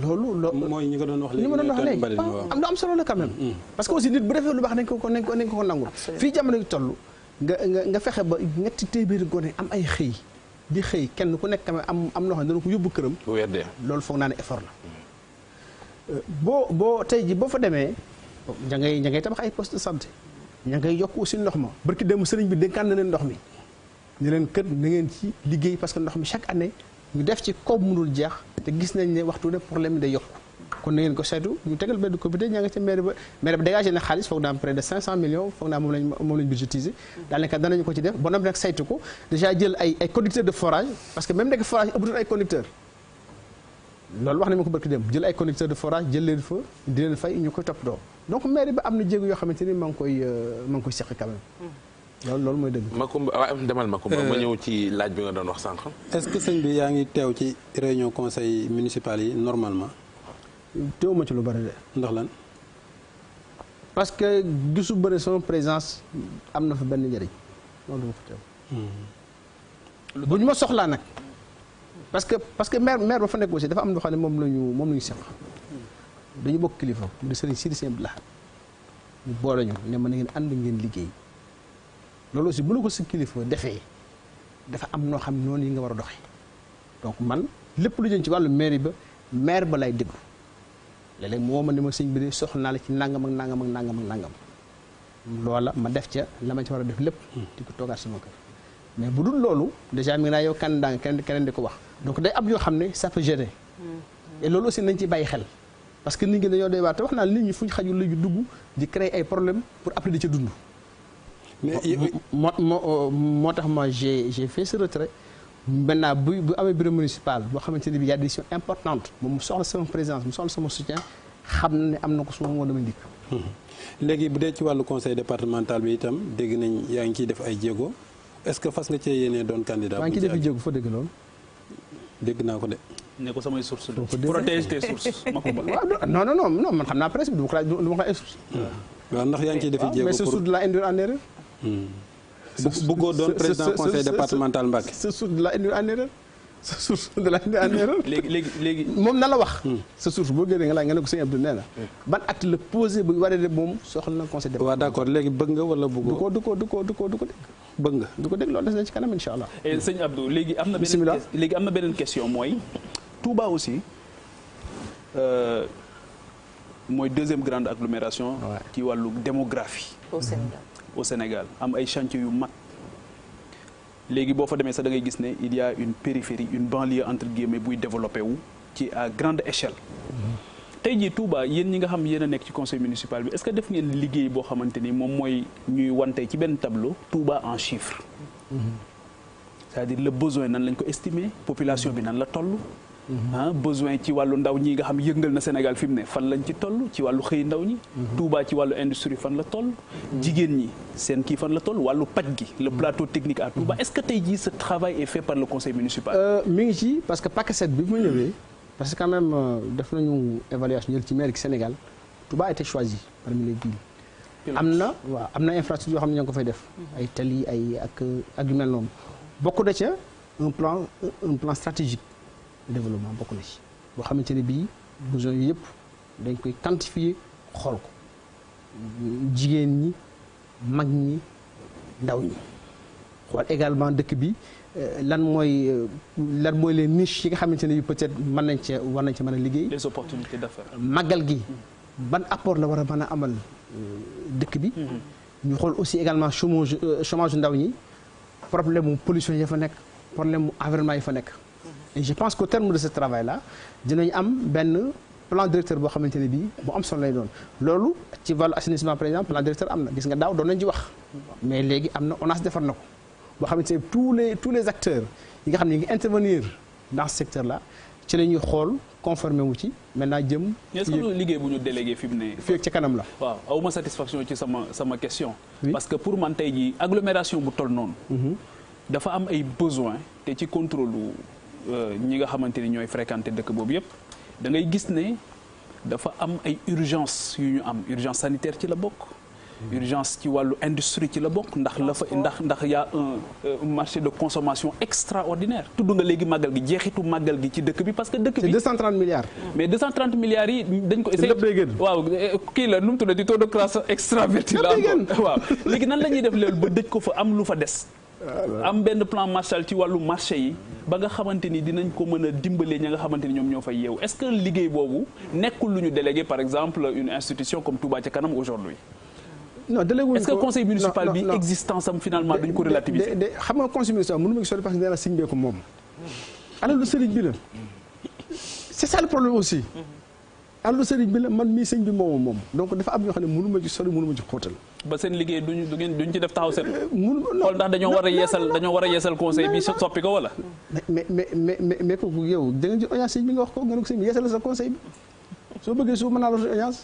C: loolu loolu mooy ñi nga doon wax léegi ñi ma doon wax léegi am na am solo la quand même. Mm. parce que aussi nit bu defee lu baax nañ ko ko nañ ko nañ ko ko nangul. fii jamono yu toll nga nga nga fexe ba ñetti téeméeri gone am ay xëy di xëy kenn ku nekk tamit am am loo xam ne dana ko yóbbu këram. bu weer dee loolu foog naa ne effort la. Mm. Euh, boo boo tey ji boo fa demee ña ngay ña ngay tabax ay poste de santé ña ngay yokk aussi ndox ma barki démb sëriñ bi dénkaan na leen ndox mi ñu leen kër na ngeen ci liggéey parce que ndox mi chaque année. ñu def ci koom mënul jeex te gis nañ ne waxtu ne problème day yokku kon na ngeen ko saytu ñu tegal benn comité ñaa nga maire ba maire na xaalis foog naa am près de 500 millions foog naa moom lañ moom lañ budgétisé daanaka danañu ko ci def ba noppi nag saytu ko déjà jël ay ay de forage parce que même nekk forage ëppatul ay conducteur loolu wax nañ ma ko barki dem jël ay conducteur de forage jël leen fa di leen fay ñu koy toppatoo am na jéego yoo xamante ni ma ngi koy euh, koy seq loolu loolu
F: mooy dëgg.
A: Makumba waaw ah, demal Makumba. ma ñëw ci laaj bi nga doon wax sànq.
F: est-ce que sëñ bi yaa ngi teew ci réunion conseil municipal yi normalement. teew ma ci lu bari de. ndax lan.
C: parce que gisu bëri sama présence am na fa benn njëriñ loolu hmm. bu ñu ma soxlaa nag. parce que parce que maire maire ba fa nekk aussi dafa am loo xam ne moom la ñu moom la ñu seq dañu bokk kilifa mu di sëriñ Sidi Sène Abdoulaye ñu boole ñu ne ma na ngeen ànd ngeen liggéey. loolu si bu la ko si kilifa defee dafa am noo xam noonu yi nga war a doxe donc man lépp lu jëm ci wàllu mairie ba maire ba lay déglu léeg-léeg moo ma ne ma sëñ bi de soxla naa la ci nangam ak nangam ak nangam nangam loola ma def ca la ma ci war a def lépp di ko toogaat sama kër mais bu dul loolu dèjà mi ngi naa yow candidat keneen keneen di ko wax donc day am yoo xam ne sa peut gérer et loolu aussi nañ ci bàyyi xel parce que nit ñi dañoo doy waar wax naa nit ñi fu ñu xajul ñu dugg di créer ay problème pour après di ca dund mais moo euh, moo tax ma j'ai j'ai fait ce retrait maintenant bu bu amee bureau municipal boo xamante ne bi y a des moom mu soxla sama présence mu soxla sama soutien xam ne am na ko su ma moo damay dikk hmm.
F: léegi bu dee ci wàllu conseil départemental bi itam dégg nañ yaa ngi ciy def ay jéego est-ce que fas nga cee yéenee doon candidat maa ngi ciy def ay jéego fa dëgg loolu naa ko de
E: ne ko samay source
F: la protège tes sources
C: ma man xam naa presse bi du ma ay sources hmm.
F: waaw ndax ah,
C: la indi en erreur
F: bëggoo doon président conseil départemental Mbacké
C: sa source de la indi en erreur sa source de la indi en erreur léegi léegi léegi moom na la wax hmm. sa source boo génnee nga laaj nga ne ko sëñ Abdou nee na ban acte la posé bu waree de moom soxla na conseil départemental waaw d'accord léegi bëgg nga wala bëggoo du ko du ko du ko du ko dégg bëgg nga du ko dégg loolu des na ci kanam insha allah
E: eh, sëñ Abdou léegi am na beneen am na beneen question mooy Touba aussi euh, mooy deuxième grande agglomération ci wàllu démographie au Sénégal am ay chantier yu mag léegi boo fa demee sax da ngay gis ne il y a une périphérie une banlieue entre guillemets buy développé wu ci à grande échelle. tey jii Touba yéen ñi nga xam yéen nekk ci conseil municipal bi est que def ngeen liggéey boo xamante ni moom mooy ñuy wante ci benn tableau Touba en chiffre. Mhm. cest dire le besoin nan lañ ko estimer population bi nan la toll. Mm-hmm. ah besoin ci wàllu ndaw ñi nga xam yëngal na Sénégal fi mu ne fan lañ ci toll ci wàllu xëy ndaw ñi mm-hmm. Touba ci wàllu industrie fan la toll mm-hmm. jigéen ñi seen kii fan la toll wàllu paj gi le plateau technique à Touba est-ce que tey jii ce travail est fait par le conseil municipal
C: euh, mi ngi ci parce que PACASET bi mu ñëwee parce que quand euh, def nañu évaluation jël ci mairie Sénégal Touba a été choisi parmi les villes am na waaw am na infrastructure yoo xam ne ñoo ko fay def ay tali ay ak ak yu mel bokk na ca un plan un développement bokk na ci boo xamante ne bii besoins yi yëpp dañ koy quantifier xool ko jigéen ñi mag ñi ndaw ñi xool également dëkk bi euh, lan mooy euh, lan mooy les niches yi nga xamante ne bi peut-être mën nañ cee war nañ ci mën a liggéey. les opportunités màggal gi ban apport la war a mën a amal euh, dëkk bi. Mm-hmm. ñu xool aussi également chômage chômage ndaw ñi problème mu pollution fa nekk problème mu environnement yi fa nekk. et pense que terme de ce travail là dinañ am benn plan directeur boo xamante ne bii bu am solo lay doon loolu ci wàllu assainissement par exemple plan directeur am na gis nga daaw doon nañ ci wax mais léegi am na ONAS defar na ko boo xamante ne tous les tous les acteurs yi nga xam ne ñu ngi intervenir dans ce secteur là ci la ñuy xool conformé wu ci maintenant jëm. est-ce que
E: liggéey bu ñu délégué fi mu ne. fii ci kanam la. waaw awuma satisfaction ci sama sama question. parce que pour man tey jii agglomération bu toll noonu. Mhm. dafa am ay besoins te ci contrôle Euh, ñi nga xamante ni ñooy fréquenté dëkk boobu yëpp dangay gis ne dafa am ay urgence yu ñu am urgence sanitaire ci la bokk urgence ci wàllu industrie ci la bokk ndax la fa ndax ndax y a un euh, marché de consommation extraordinaire tudd nga léegi màggal gi jeexitu màggal gi ci dëkk bi parce que dëkk bi c'est 230 milliards mais 230 milliards yi dañ ko essayé waaw kii la nu mu tuddati taux de extraverti la waaw léegi nan la ñuy def loolu ba dëj ko fa am lu fa des am benn plan Marshall ci wàllu marché yi ba nga xamante dinañ ko mën a dimbalee ña nga ñoom ñoo fay yeewu est liggéey boobu nekkul lu ñu délégué par exemple une institution comme Touba ca kanam aujourd'hui non délégué wuñ ko conseil municipal bi existence am finalement duñ ko relativiser.
C: de nga conseil municipal mënu ma ko sori parce que nee naa sëñ bee moom. alors lu sëriñ bi la c'est ça le problème aussi. àllu sëriñ bi la man mii sëñ bi mooma moom donc dafa am yoo xam ne mënu ma ci sori mënu ma ci xóotal
E: ba seen liggéey duñu du ngeen duñ ci def taxaw seet xool euh, ndax dañoo war a yeesal dañoo war a yeesal conseil bi soppi ko wala
C: mais mais mais mais kooku yow da nga jël audience sëñ bi nga wax ko nga ne ko sëñ bi yeesal sa conseil bi soo bëggee suuf mën naa la audience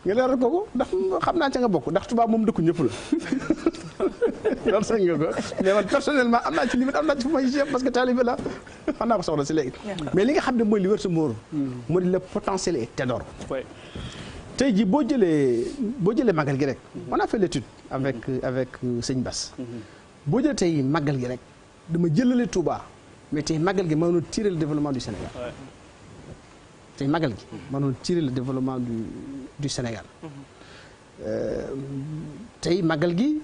C: nga leeral ko ndax xam naa ca nga bokk ndax tubaab moom dëkku ñëpp la loolu sañ nga ko mais man personnellement am naa ci limite am naa ci fu may jéem parce que taalibe la fan naa ko soxla si léegi mais li nga xam ne mooy li wër sa móor moo di le potentiel est ténor tey jii boo jëlee boo jëlee màggal gi rek mm-hmm. on a fait l'étude avec sañ mm-hmm. euh, sëñ mm-hmm. boo jëlee tey màggal gi rek dama jëlale Touba mais tey màggal gi maa ngi tirer le du Sénégal tey magal gi manoon tirer le développement du du Sénégal euh, tey magal gi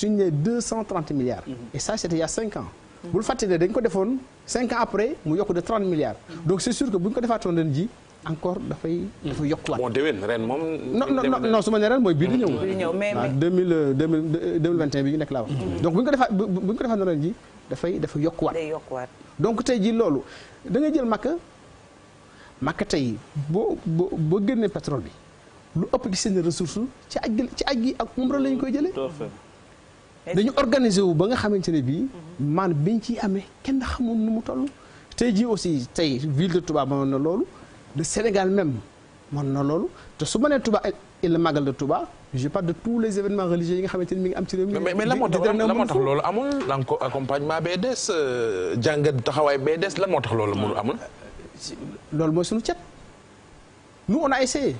C: suñu nee deux cent trente milliards et ça c'était il y cinq ans bul fàtte ne dañ ko defoon cinq ans après mu yokk de trente milliards donc c'est sûr que bu ñu ko defaatoon ren ji encore dafay
A: dafa yokkuwaat. ren moom.
C: non non non su ma nee ren mooy bii di ñëw. bii di ñëw mais mais ñu nekk laa bu ñu ko defaa ji dafay dafa yokkuwaat. day yokkuwaat donc tey jii loolu da jël makka. Màkka tey boo boo boo génnee pétrole bi lu ëpp ci seen ressource ci aj ci aj gi ak umra lañu koy jëlee dañu organiser wu ba nga xamante ne bii maan biñ ciy amee kenn xamul nu mu toll tey jii aussi tey ville de Touba mën na loolu le Sénégal même mën na loolu te su ma nee Touba il la màggal de Touba je parle de tous les événements religieux yi nga xamante ni mi ngi am ci réew mi. mais mais lan moo tax euh, lan moo tax
A: loolu amul lan ko accompagnement bee des jàngat taxawaay bee des lan moo tax loolu amul.
C: loolu mooy suñu cet nous on a essayé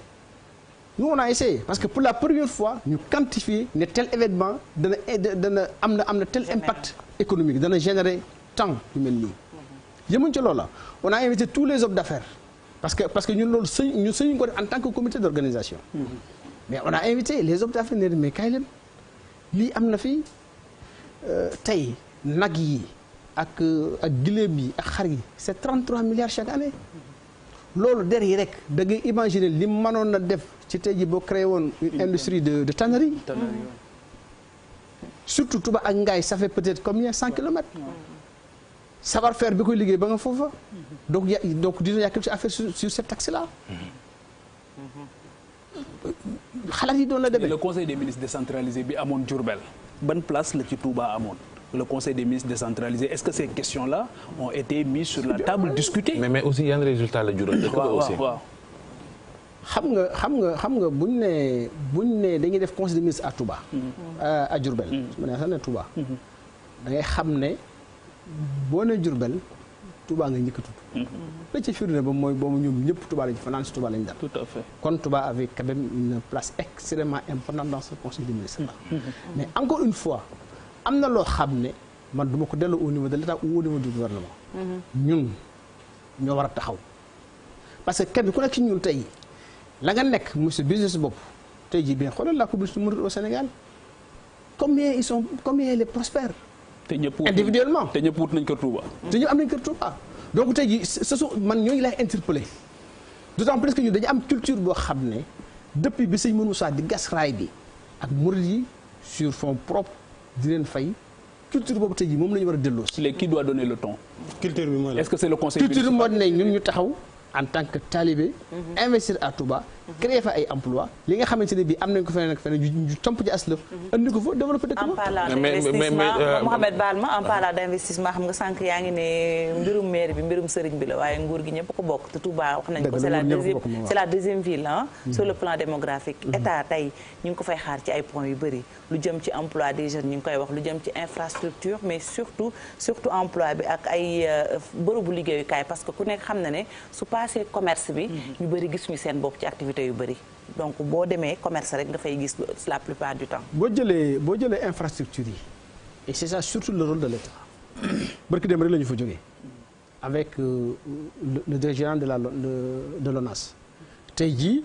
C: nous on a essayé parce que pour la première fois ñu quantifier ne tel événement dana eh, dana am na am na tel impact économique dana générer tant yu mel nii mhm. yemuñ ci loolu la on a invité tous les hommes d'affaires parce que parce que ñun loolu sëñ ñu sëñuñ ko def en tant que comité d'organisation mhm. mais on a invité les hommes d'affaires ne mais kaay leen lii am na fi euh, tey nag yi ak ak giléem yi ak xar yi c'est 33 milliards chaque année loolu der yi rek da ngay imaginer li manoon na def ci tey ji boo créé woon une mm-hmm. industrie de de tannerie surtout Touba ak Ngaye ça fait peut-être combien cent kilomètres savoir-faire bi koy liggéey ba nga foofa mm-hmm. donc y a donc dina y a quelque chose à faire sur sur cet axe-là
G: mm-hmm.
E: xalaat yi doon la demee le conseil de des ministres décentralisé bi amoon jurubeel ban place la ci Touba amoon le Conseil des ministres décentralisé est-ce que ces questions-là ont été mises sur la table discutées.
A: mais mais aussi yan résultat la jural. waaw
C: waaw xam nga xam nga xam nga buñ nee buñ nee dañuy def conseil des ministres à Touba. Euh, à Diourbel. Mm-hmm. su ma nee ne Touba. Mm-hmm. da ngay xam ne boo nee Diourbel Touba nga njëkk a tudd.
E: Mm-hmm.
C: la ci firnde ba mooy ñëpp Touba lañ fanaan si Touba lañ dal. tout à fait kon Touba avait quand même une place extrêmement importante dans ce conseil des ministres là. mais encore une fois. am na loo xam ne man du ma ko delloo au niveau de l'état ou au niveau du gouvernement. Mm-hmm. ñun ñoo war a taxaw. parce que kenn ku nekk ci ñuul tey la nga nekk monsieur business bopp te jii bien xoolal la publicité mouride au Sénégal combien ils sont combien ils prospèrent. te ñëpp individuellement te ñëpp wut nañ kër Touba. te am nañ kër Touba donc tey jii ce sont man ñooñu laay interpellé d'autant plus que ñun dañu am culture boo xam ne depuis bi sëñ saa di gas raay bi ak murid yi sur fond propre. di leen fay culture boobu tey jii moom la war a delloo si. léegi qui doit donner le ton. culture bi mooy la est-ce que c'est culture moo ne ñun ñu taxaw en tant que talibé. Mhm. investir à créer fa ay emploi li nga xamante ne bii am nañ ko feneen ak feneen ñu tomp ci aslëf andi ko fa développé
D: dëkk ba euh, Mouhamed Baal ma en ah. parlant d' investissement xam nga sànq yaa ngi ne mbirum maire bi mbirum sëriñ bi la waaye nguur gi ñëpp ko bokk te Touba wax nañ ko c'est la deuxième c'est la deuxième ville ah sur le plan démographique mm-hmm. état tey ñu ngi ko fay xaar ci ay points yu bëri lu jëm ci emploi des jeunes ñu ngi koy wax lu jëm ci infrastructure mais surtout surtout emploi bi ak ay euh, bërëbu liggéeyukaay parce que ku nekk xam na ne su passé commerce bi mm-hmm. ñu bëri gisuñu seen bopp ci activité difficulté yu bëri donc boo demee commerce rek dafay gis la plupart du temps.
C: boo jëlee boo jëlee infrastructure yi et surtout le rôle de l'État barki dem rek la ñu fa jógee avec euh, le directeur de la de l'ONAS tey jii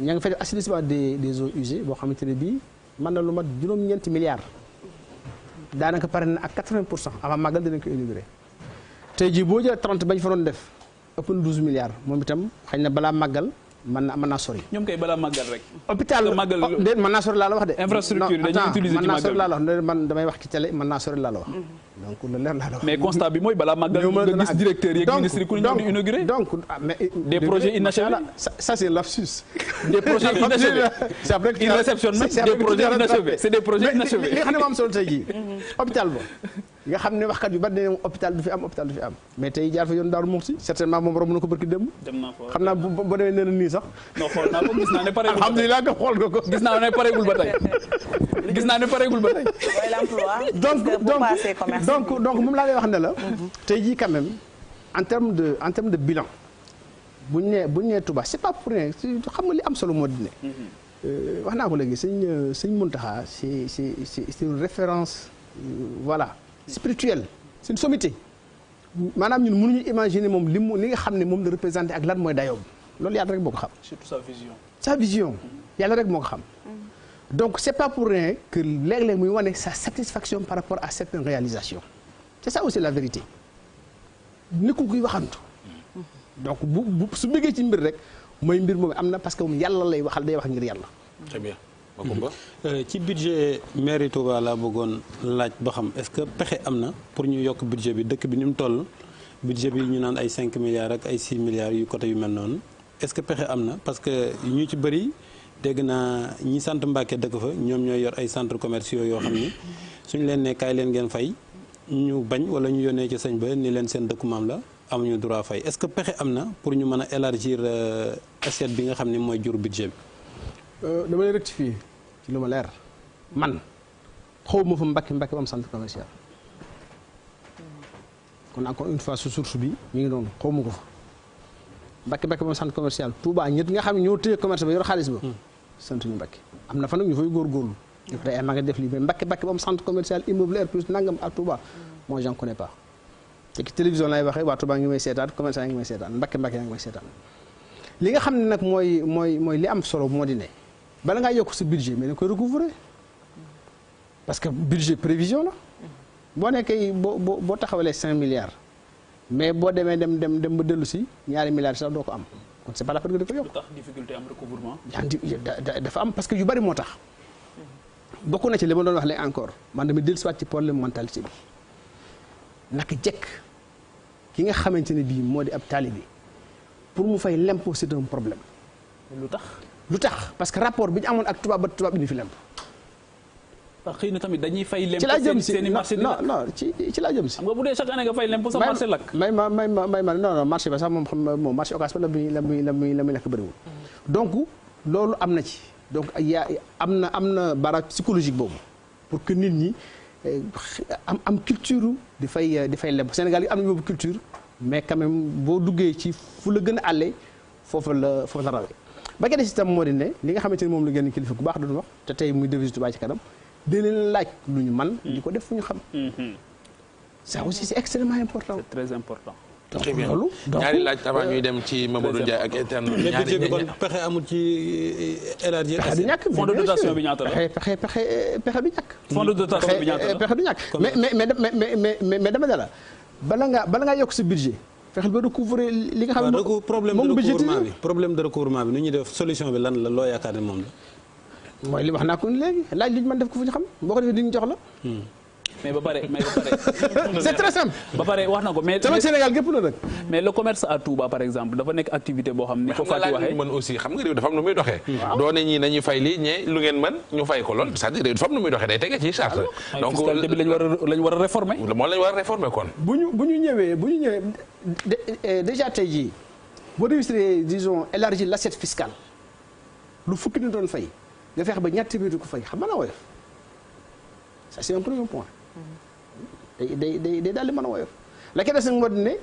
C: ña ngi fay def assainissement des des eaux usées boo xamante ne bii mën na lu mat juróom-ñeenti milliards daanaka pare na ak 80 pour cent avant màggal dinañ ko inauguré tey jii boo jëlee 30 bañ fa doon def ëpp na 12 milliards moom itam xëy na balaa màggal. man na mën naa sori. ñoom kay balaa màggal rek. hôpital màggal déet mën naa sori laa la wax de. infrastructure dañuy utiliser ci màggal mën naa sori laa la wax man naa sori laa wax. donc lu leer laa wax. mais constat mooy balaa màggal nga gis directeur yeeg ministre yi ku donc ah, euh, des projets inachevés. ça c'est lapsus. des projets inachevés. c'est après que des projets inachevés. c'est des projets nga xam ne kat yu ba ne hôpital du fi am hôpital du fi am mais tey jaar fa yoon Daaru Muxti certainement moom romb na ko barki démb xam naa ba demee nee na nii naa ko gis naa ne pareegul gis naa ne pareegul ba tey gis naa ne pareegul ba donc donc moom laa lay wax ne la mhm. tey jii quand même en de en de bilan bu nee bu ñu nee Touba c'est pas xam nga li am solo moo di ne mhm. euh, wax naa ko léegi sëñ euh, sëñ mun taxa c'est c'est une référence euh, voilà spirituel c'est une sommité maanaam ñun mu imaginer moom li mu li nga xam ne moom la représenté ak lan mooy dayoom loolu yàlla rek moo ko xam. surtout sa vision. sa vision yàlla rek moo ko xam.
E: Mm.
C: donc c'est pas pour rien que léeg-léeg muy wane sa satisfaction par rapport a certaines réalisations c'est ça aussi la vérité nekkul kuy waxant mm. donc bu bu su bëggee ci mbir rek mooy mbir moom am na parce que moom yàlla lay waxal day wax ngir yàlla.
F: Euh, ci budget mairie Touba laa bëggoon laaj ba xam est-ce que pexe am na pour ñu yokk budget bi dëkk bi ni mu toll budget bi ñu naan ay cinq milliards ak ay 6 milliards yu côté yu mel noonu est-ce que pexe am na parce que ñu ci bëri dégg naa ñi sant Mbàkke dëkk fa ñoom ñooy yor ay centres commerciaux yoo xam ni suñu leen ne kaay leen ngeen fay ñu bañ wala ñu yónnee ci sëñ ba ni leen seen dëkku maam la amuñu droit fay est-ce que pexe am na pour ñu mën a élargir euh, assiette bi nga xam ni mooy jur budget bi.
C: Euh, lu ma leer man xaw ma fa mbakki mbakki ba am centre commercial kon encore une fois su bi mi ngi noonu xaw ma ko fa mbakki mbakki ba am centre commercial Touba nga xam ne ñoo tëye commerce ba yor xaalis ba sant ñu mbakki am na fa nag ñu fay góorgóorlu def day ma def lii mais mbakki mbakki ba am centre commercial immeuble R plus nangam ak Touba moi j'en connais pas te ki télévision lay waxee waa Touba ngi may seetaan li nga xam ne nag mooy mooy mooy li am solo moo di ne bala ngaa yokk sa budget mais da koy recouvrer parce que budget prévision la boo nekkee boo boo taxawalee cinq milliards mais boo demee dem dem dem ba dellu si ñaari milliards sax doo ko am kon c'est pas la peine nga di ko yokk.
E: lu tax difficulté
C: dafa am parce que yu bari moo tax. bokk na ci li ma doon wax léegi encore man dama dellu siwaat ci problème mentalité bi naka jekk ki nga xamante ne bii moo di ab taalibe pour mu fay l'impôt c'est un problème. lu tax. lu tax parce que rapport bi ñu amoon ak tubaab ba tubaab indi fi lemp.
E: Ah, xëy na tamit dañuy fay lemp. ci laa jëm si seen marché non non ci ci laa jëm si. bu dee chaque année nga fay lemp sa marché lakk.
C: may marché ba sax moom marché occas ba la muy lakk bëriwul. Mm-hmm. donc loolu am na ci donc yaa am na am na barrage psychologique boobu pour que nit ñi eh, am am culture di fay di fay lemp Sénégal yi am na boobu culture mais quand même boo duggee ci fu la gën a àllee foofu la foofu la ba ca des itam moo di ne li nga xamante ni moom la gën kilifa ku baax doon wax te tey muy devise Touba ci kanam di laaj lu ñu man di ko def fu ñu xam. Mm-hmm. ça aussi c' est extrêmement important. c' est très important. très bien loolu
A: ñaari dem ci Mamadou Ndiaye ak interne.
F: pexe amul ci élargir. Euh, pexe du ñàkk fond de dotation bi ñaata la pexe pexe pexe du ñàkk.
A: fond de dotation bi ñaata
F: la pexe du ñàkk
C: mais mais mais mais mais mais dama dala bala ngaa bala ngaa yokk sa fexeel ba recouvrer li nga xam ne moom problème de recouvrement bi
F: problème de recouvrement bi nu ñuy def solution bi lan la loo yaakaar ne moom la.
C: mooy li wax naa ko léegi laaj li ñu def ko fu ñu xam boo ko di ñu jox la.
F: Hmm.
E: mais ba pare mais ba pare. c'est très simple. wax na ko mais. tamit Sénégal
C: gépp la nag. mais le commerce
E: à Touba par exemple dafa nekk activité boo xam ni. ko Fatou waxee mën aussi xam nga réew dafa am nu muy doxee.
A: doone ñii nañu fay lii ñee lu ngeen mën ñu fay ko lool c'est-à-dire réew dafa nu muy doxee day tege ci charte. donc fiscalité bi lañ réformer. moom lañ war réformer kon.
C: bu ñu ñëwee bu ñu ñëwee eh, déjà tey jii boo réussir disons élargir l'assiette fiscale lu fukki ni doon fay nga fexe ba ñetti biir di ko fay xam nga la day day day day daal di mën a woyof la ca des nag ne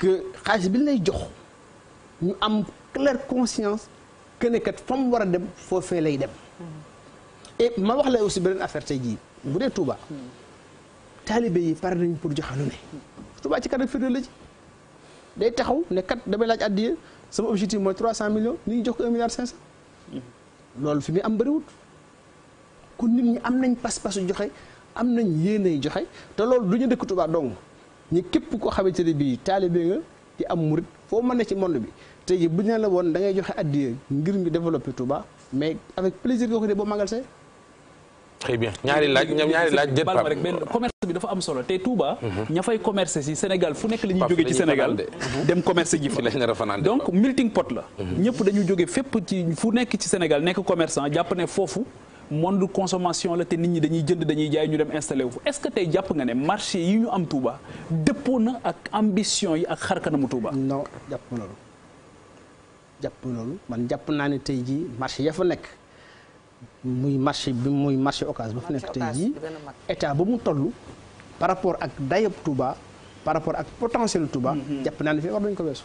C: que xaalis bi lay jox ñu am claire conscience que ne kat mu war a dem foofee lay dem. et ma wax la aussi beneen affaire tey jii bu dee Touba. taalibe yi pare nañ pour joxe lu ne. Touba ci kanam firnde la ci day taxaw ne kat damay laaj addiya sama objectif mooy 300 millions ñu ngi jox ko 1 milliard 500. Mm-hmm. loolu fi muy am bëriwul kon nit ñi am nañ pas-pasu joxe. am nañ yéenay joxe te loolu du ñu dëkk Touba dong ñu képp koo xamante ne bii taalibe nga di am murit foo mën ne ci monde bi tey jii bu ñu la woon da ngay joxe addiya ngir mi développé Touba mais avec plaisir nga ko boo màggal see.
A: très bien ñaari laaj ñoom ñaari laaj. jël Pape rek benn
E: commerce bi dafa am solo te Touba. Mhm. ña fay commerce si Sénégal fu nekk la ñuy jóge ci Sénégal. dem commerce ji fa donc melting pot la. Mhm. ñëpp dañu jóge fépp ci fu nekk ci Sénégal nekk commerçant jàpp ne foofu. monde consommation la te nit ñi dañuy jënd dañuy jaay ñu dem installé wu fa est que tey jàpp nga ne marché yi ñu am Touba dëppoo na ak ambition yi ak xarkanamu Touba. non
C: jàpp na loolu jàpp na loolu man jàpp naa ne tey jii marché ya fa nekk muy marché bi muy marché occasion ba fa nekk tey jii état ba mu toll par rapport ak dayab Touba par rapport ak potentiel Touba. Mhm. jàpp naa ne fii war nañu ko weesu.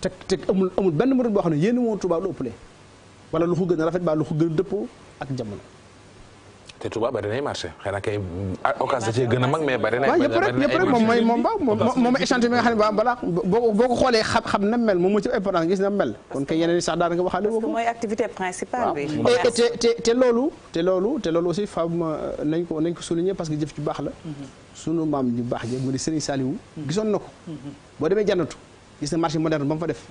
C: te te amul amul benn murid boo xam ne yéen a moo Touba lu ëppalee wala lu ko gën rafet baa lu ko gën dëppoo. ak jamono.
A: te Touba bari nay marché xanaa kay occasion da cee gën a mag mais bari nay. waaw yëpp rek yëpp rek moom mooy moom baaw
C: moom échantillon bi nga xam ne baax balaa boo boo ko xoolee xam xam na mel moom moo ci importance gis na mel. kon kay yeneen yi sax daanaka waxaale boobu. mooy activité principale bi. te te te loolu. te loolu te loolu aussi faaw ma nañ ko nañ ko souligner parce que jëf ju baax la. sunu maam ju baax ja mu di Serigne Saliou. gisoon na ko. boo demee jànnatu gis na marché moderne ba mu fa def.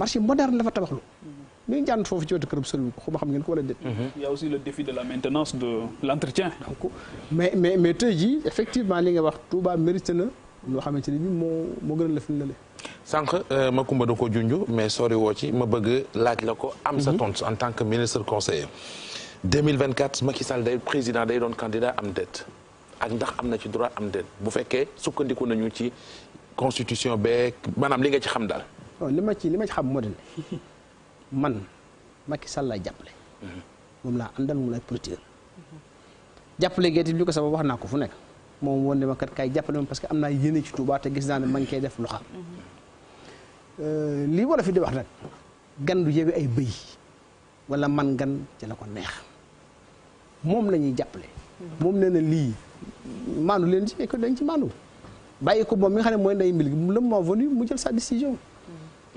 C: marché moderne la fa tabaxlu. mi ngi ci wetu këram mhm.
E: a aussi le défi de la maintenance de
C: l' mais mais mais tey jii effectivement li nga wax Touba mérite na loo xamante ne bii moo moo gën a la
A: fi ma kumba da ko junj mais sori woo ci ma bëgg laaj la ko. am sa mhm. tontu en tant que ministre conseiller. 2024 Macky Sall day président day doon candidat am déet ak ndax am na ci droit am déet bu fekkee sukkandiku nañu ci constitution beeg maanaam li nga ci xam daal.
C: li ma ci li ma ci xam moo man Macky Sall laay jàppale. moom laa àndal moom laay politique jàppale géej li ko sabab wax naa ko fu nekk moom woon ne ma kat kaay jàppale moom parce que am naa yéene ci Touba te gis naa ne maa ngi koy def lu euh, xam. lii wala fi di wax nag gan du yewi ay bëy wala man gan ci la ko neex moom lañuy jàppale. moom nee na lii maandu leen ci ko dañ ci maandu bàyyi ko moom mi xam ne mooy nday mbil mu la moo venu mu jël sa décision.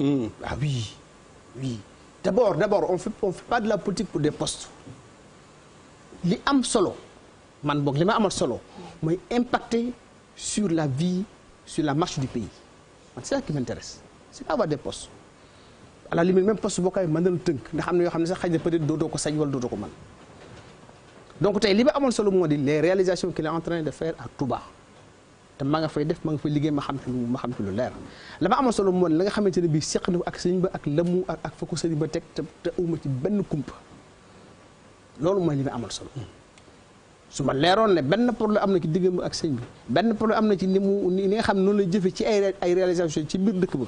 C: Mmh. Ah oui, oui. D'abord, d'abord, on fait, on fait pas de la politique pour des postes. li am solo man boog li ma amal solo mooy impacter sur la vie sur la marche du pays man c'est ça qui m'intéresse c'est pas avoir des postes à la limite même poste boo koy mën na tënk ndax am na yoo xam ne sax xëy na peut-être dootoo ko sañ wala dootoo ko mën donc tey li ma amal solo moo di les réalisations qu'il est en de faire à Touba. te ma nga fay def ma nga fay liggéey ma xam ci lu ma xam ci lu leer la ma amoon solo moom la nga xamante ne bii seq na ko ak sëriñ ba ak lamu ak fa ko sëriñ ba teg te te uma ci benn kumpa loolu mooy li ma amoon solo su ma leeroon ne benn problème am na ci diggam ak sëñ bi benn problème am na ci ni mu ni nga xam ne noonu la jëfe ci ay ay réalisation ci biir dëkk ba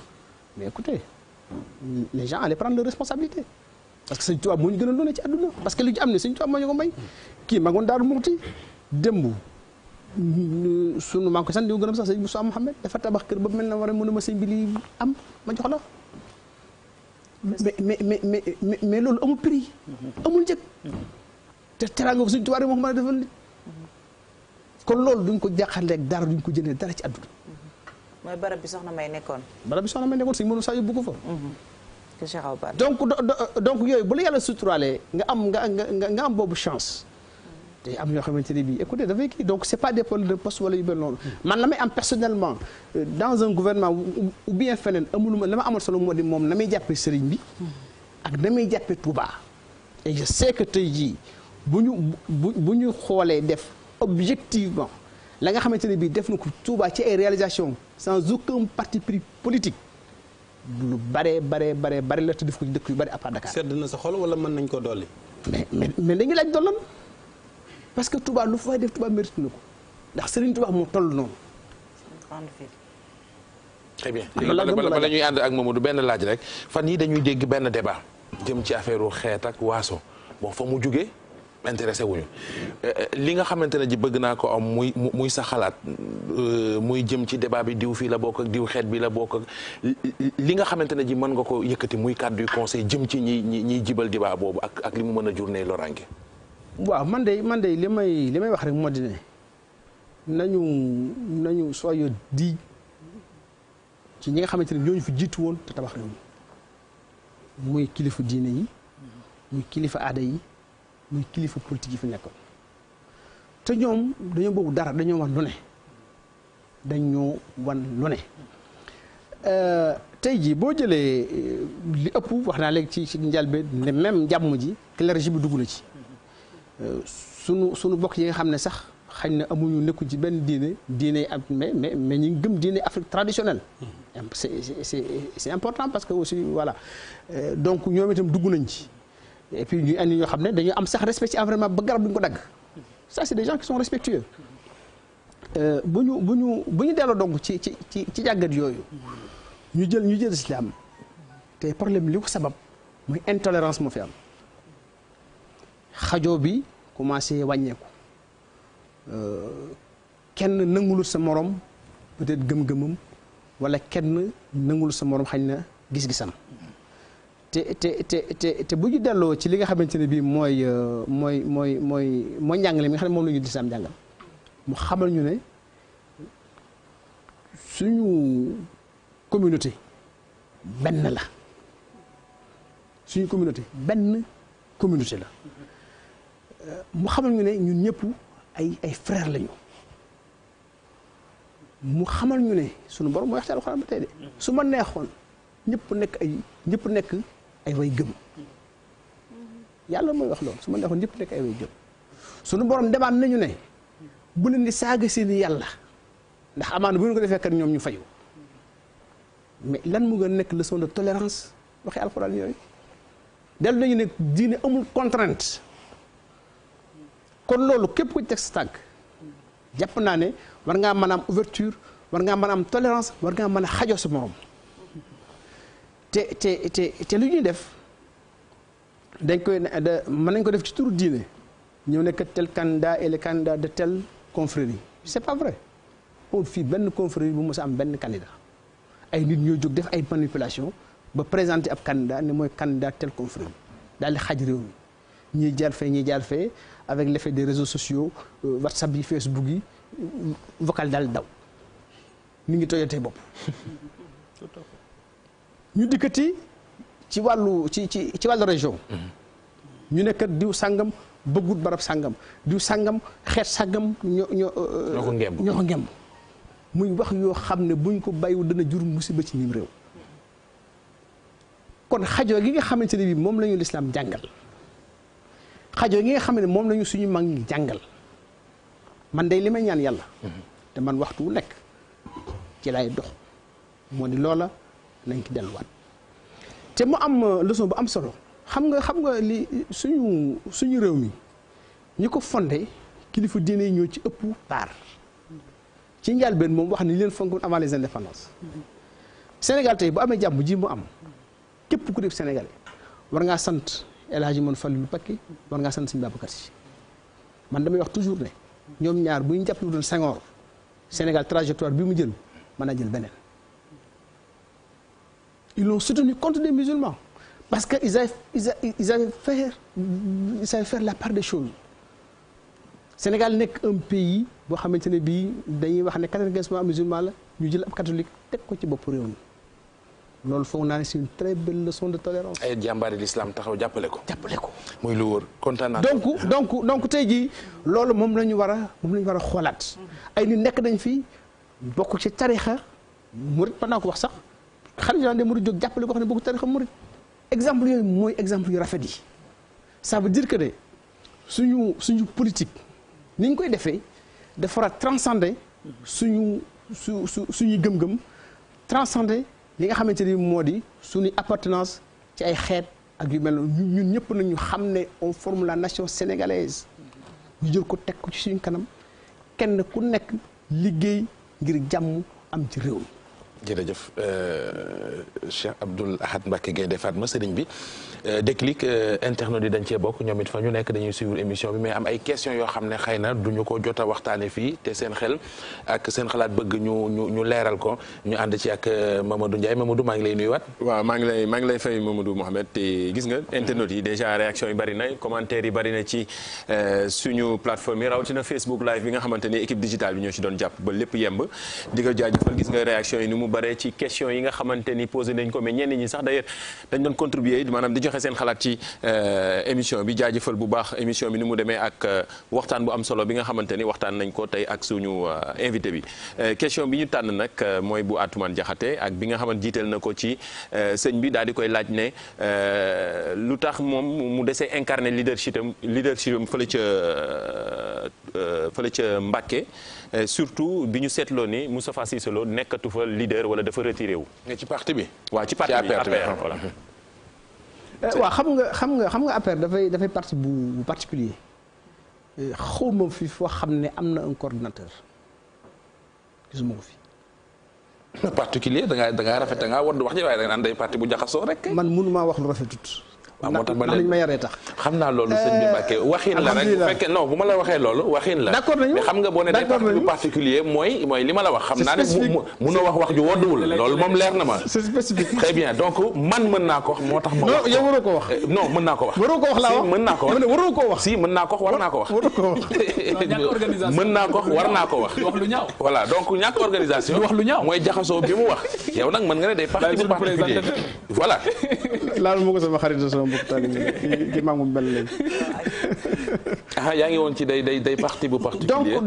C: mais écoutez les gens allaient prendre leur responsabilité parce que sëñ Tuubaa moo ñu gën a doone ci àdduna parce que li am ne sëñ Tuubaa moo ñu ko may kii ma ngoon daaru muxti démb sunu maa ngi koy sant di ko gërëm sax sëñ Moussa Mouhamed dafa tabax kër ba mel na war a mënuma sëñ bi lii am ma jox la. mais mais mais mais loolu amul prix. amul njëg. te teraanga suñu tubaab yi moo ko mën loolu duñ ko jàqaleeg dara duñ ko jëndee dara ci àdduna.
D: mooy barab bi soxna May nekkoon. barab bi soxna May nekkoon sëñ Modou Sadio bu ko fa. Mhm. donc donc yooyu bu la yàlla
C: suturaalee nga am nga nga nga am boobu chance. te am ñoo xamante ne bii écoutez dafay kii donc c' est pas des problèmes de poste wala euh, feneen amuluma la ma amal solo moo di moom may jàppee sëriñ bi ak na jàppee Touba. et jii bu ñu bu bu ñu xoolee def objectivement la nga xamante ne bii def na ko Touba ci ay réalisations sans aucun parti politique. lu bare bare bare bare la te def ko ci dëkk yu bare à part Dakar. sedd na sa xol wala mën nañ koo dolli. mais mais mais laaj dollam. parce que Touba lu fay def Touba mérite na ko ndax Serigne Touba moo toll noonu.
A: bala ñuy ànd ak du benn laaj rek fan yi dañuy dégg benn débat jëm ci affaire xeet ak waaso bon fa mu jugee intéressé wuñu euh, li nga xamante ne ji bëgg naa ko am muy muy sa xalaat euh, muy jëm ci débat bi diw fii la bokk ak diw xeet bi la bokk ak li nga xamante ne ji mën nga ko yëkkati muy kàddu conseil jëm ci ñi ñi ñiy jibal débat boobu ak ak li mu mën a journée lorange
C: waa man de man de li may wax rek moo di nañu nañu soyo di ci ñi nga xamante ne ñooñu fi jiitu woon te tabax réew mi muy kilifa diine yi muy kilifa aada yi muy kilifa politique yi fi nekkoon te ñoom dañoo boobu dara dañoo wan lu ne dañoo wan lu ne euh, tey jii boo jëlee euh, li ëpp wax naa léegi ci ci njëlbeen ne même jàmm ji clergé bi dugg na ci. sunu sunu bokk yi nga xam ne sax xañ na amuñu nekkuñ ci benn diine diine ab mais mais mais ñu gëm diine Afrique traditionnelle. Mm-hmm. c' est important parce que aussi voilà euh, donc ñoom itam dugg nañ ci. et puis ñu andi ñoo xam ne dañoo am sax respect ci environnement ba garab duñ ko dagg. ça c' est des gens qui sont euh, ñu bu bu ñu delloo donc ci ci ci ci jàggat yooyu. ñu jël ñu jël am te problème li ko sabab muy intolérance moo fi am xajoo bi. commencé wàññeeku euh, kenn nangulul sa morom peut-être gëm-gëmam wala kenn nangulul sa morom xañ na gis-gisam te te te te te bu ñu delloo ci li nga xamante ne bii mooy euh, mooy mooy mooy mooy njàngale mi nga moom la ñu lislaam jàngal mu xamal ñu ne suñu communauté benn la suñu communauté benn communauté la mu xamal ñu ne ñun ñëpp ay ay frère lañu mu xamal ñu ne sunu borom mooy wax ci alxuraan ba tey de su ma neexoon ñëpp nekk ay ñëpp nekk ay way gëm yàlla mooy wax loolu su ma neexoon ñëpp nekk ay way gëm sunu borom demaat nañu ne bu leen di saaga seeni yàlla ndax amaana bu ñu ko defee kat ñoom ñu fayu mais lan mu nga nekk leçon de tolérance waxi alxuraan yooyu dellu nañu ne diine amul contrainte kon loolu képp ku ci teg sa tànk jàpp naa ne war ngaa mën a am ouverture war ngaa man am tolérance war ngaa mën a xajoo sa morom te te te te lu ñuy def dañ koy mën nañ ko def ci turu diine ñëw nekk tel candidat et le candidat de telle confrérie c'est pas vrai on fii benn confrérie bu mës a am benn candidat ay nit ñoo jóg def ay manipulation ba présenter ab candidat ni mooy candidat tel confrérie daal di xaj réew mi ñuy jaar fee ñuy jaar fee avec l' de des réseaux sociaux euh, whatsapp yi facebook yi vocal daal daw mi ngi tojatee bopp ñu dikkati ci wàllu ci ci ci wàllu région ñu nekkat diw sàngam bëggut barab sàngam diw sàngam xeet sàngam ñoo ñoo euh, ñoo ko ngemb muy wax yoo xam ne buñ ko bàyyiwu dana jur musiba ci ñim réew kon xajoo gi nga xamante ne bii moom lañuy ñu lislaam jàngal xajo yi nga xam ne moom lañu suñu mag ñi jàngal man day li may ñaan yàlla te man waxtu wu nekk ci lay dox moo ni loola nañ ci delluwaat te mu am euh, leçon bu am solo xam nga xam nga li suñu suñu réew mi ñi ko fondé kilifa diine ñoo ci ëpp paar ci njëlbéen moom wax ni leen fonkoon avant les indépendances Sénégal tey bu amee jàmm ji mu am képp ku def Sénégalais war ngaa sant El Hadji Mon Fallu Pakki war ngaa sant Serigne Babacar Sy man damay wax toujours ne ñoom ñaar bu ñu jàppale doon Senghor Sénégal trajectoire bi mu jël mën a jël beneen ils l'ont soutenu contre des musulmans parce que ils avaient ils avaient la part des choses Sénégal nekk un pays boo xamante ne bii dañuy wax ne quatre-vingt-quinze pour cent musulman la ñu jël ab catholique teg ko ci bopp réew mi loolu foog naa ne c'est une très belle leçon de tolérance.
A: ay jàmbaari l'islam taxaw jàppale ko. jàppale ko muy lu wóor kontaan naa donc donc
C: donc tey jii loolu moom la ñu war a la ñu war a xoolaat ay nit nekk nañ fii bokk ci tarixa murit mën naa ko wax sax xarit daan de murit jóg jàppale ko xam ne bokk tarixa murit exemple yooyu mooy exemple yu rafet yi ça veut dire que de suñu suñu politique ni ñu koy defee dafa war a transcender suñu su su suñuy gëm-gëm transcender. li nga xamante ni moo di suñu appartenance ci ay xeet ak yu mel noonu ñun ñëpp nañu xam ne on forme nation sénégalaise ñu jël ko teg ko ci suñ kanam kenn ku nekk liggéey ngir jàmm am ci réew mi
A: jërëjëf euh, Cheikh Abdoul Ahad Mbacké Gaynde ma sëriñ bi euh, déclic euh, internautes yi dañ cee bokk ñoom it fa ñu nekk dañuy suivre émission bi mais am ay question yoo xam ne xëy na du ko jot a waxtaane fii te seen xel ak seen xalaat bëgg ñu ñu ñu leeral ko ñu ànd ci ak Mamadou Ndiaye
H: Mamadou maa ngi lay nuyuwaat. waaw maa ngi lay maa ngi lay fay Mamadou Mouhamed te gis nga internautes yi déjà réaction yi bari na commentaire yi bari na ci suñu plateforme yi rawatina Facebook live bi nga xamante ni équipe digitale bi ñoo ci doon jàpp ba lépp yemb bare ci question yi nga xamante ni posé nañ ko mais ñenn ñi sax day dañ doon contribuer maanaam di joxe seen xalaat ci euh, émission bi jaajëfal bu baax émission bi ni mu demee ak euh, waxtaan bu am solo bi nga xamante ni waxtaan nañ ko tey ak suñu euh, invité bi question bi ñu tànn nag mooy bu Atoumane Diakhaté ak bi nga xamante jiiteel na ko ci sëñ bi daal di koy laaj ne lu tax moom mu desee incarné leadership am leadership am fële ca fële ca Mbàkke Euh, surtout bi ñu seetloo ni Moustapha Cissé Lo nekkatu fa leader wala dafa retiré wu. ci parti bi. waaw ci parti bi APR voilà.
C: Euh, waaw xam nga xam nga xam nga appaire dafay dafay parti bu bu particulier euh, xaw ma fi foo xam ne am na un coordinateur gisuma ko fi.
A: particulier da ngaa da ngaa rafet da ngaa war wax ji waaye da nga naan day parti bu jaxasoo rek. man mënumaa wax lu rafetut. waaw ah, moo tax ma euh, la rek bu fekkee non la waxee loolu waxin na ma. c'est spécifique. très bien donc man mën naa ko wax moo tax. ma wax non yow waroo ko wax. Euh, non mën naa ko wax. waroo ko wax laa wax mën naa ko wax. waroo ko wax si mën ko wax war naa ko wax. waroo ko wax. mën naa ko wax war naa ko wax. wax lu ñaaw voilà donc ñàkk organisation. wax lu ñaaw mooy jaxasoo bi mu wax. yow nag mën nga ne day parti bu particulier voilà.
C: laal ma ko sama xarit sama mbokk taalibe ci ci maamu
A: yaa ngi woon ci day day day parti bu particulier.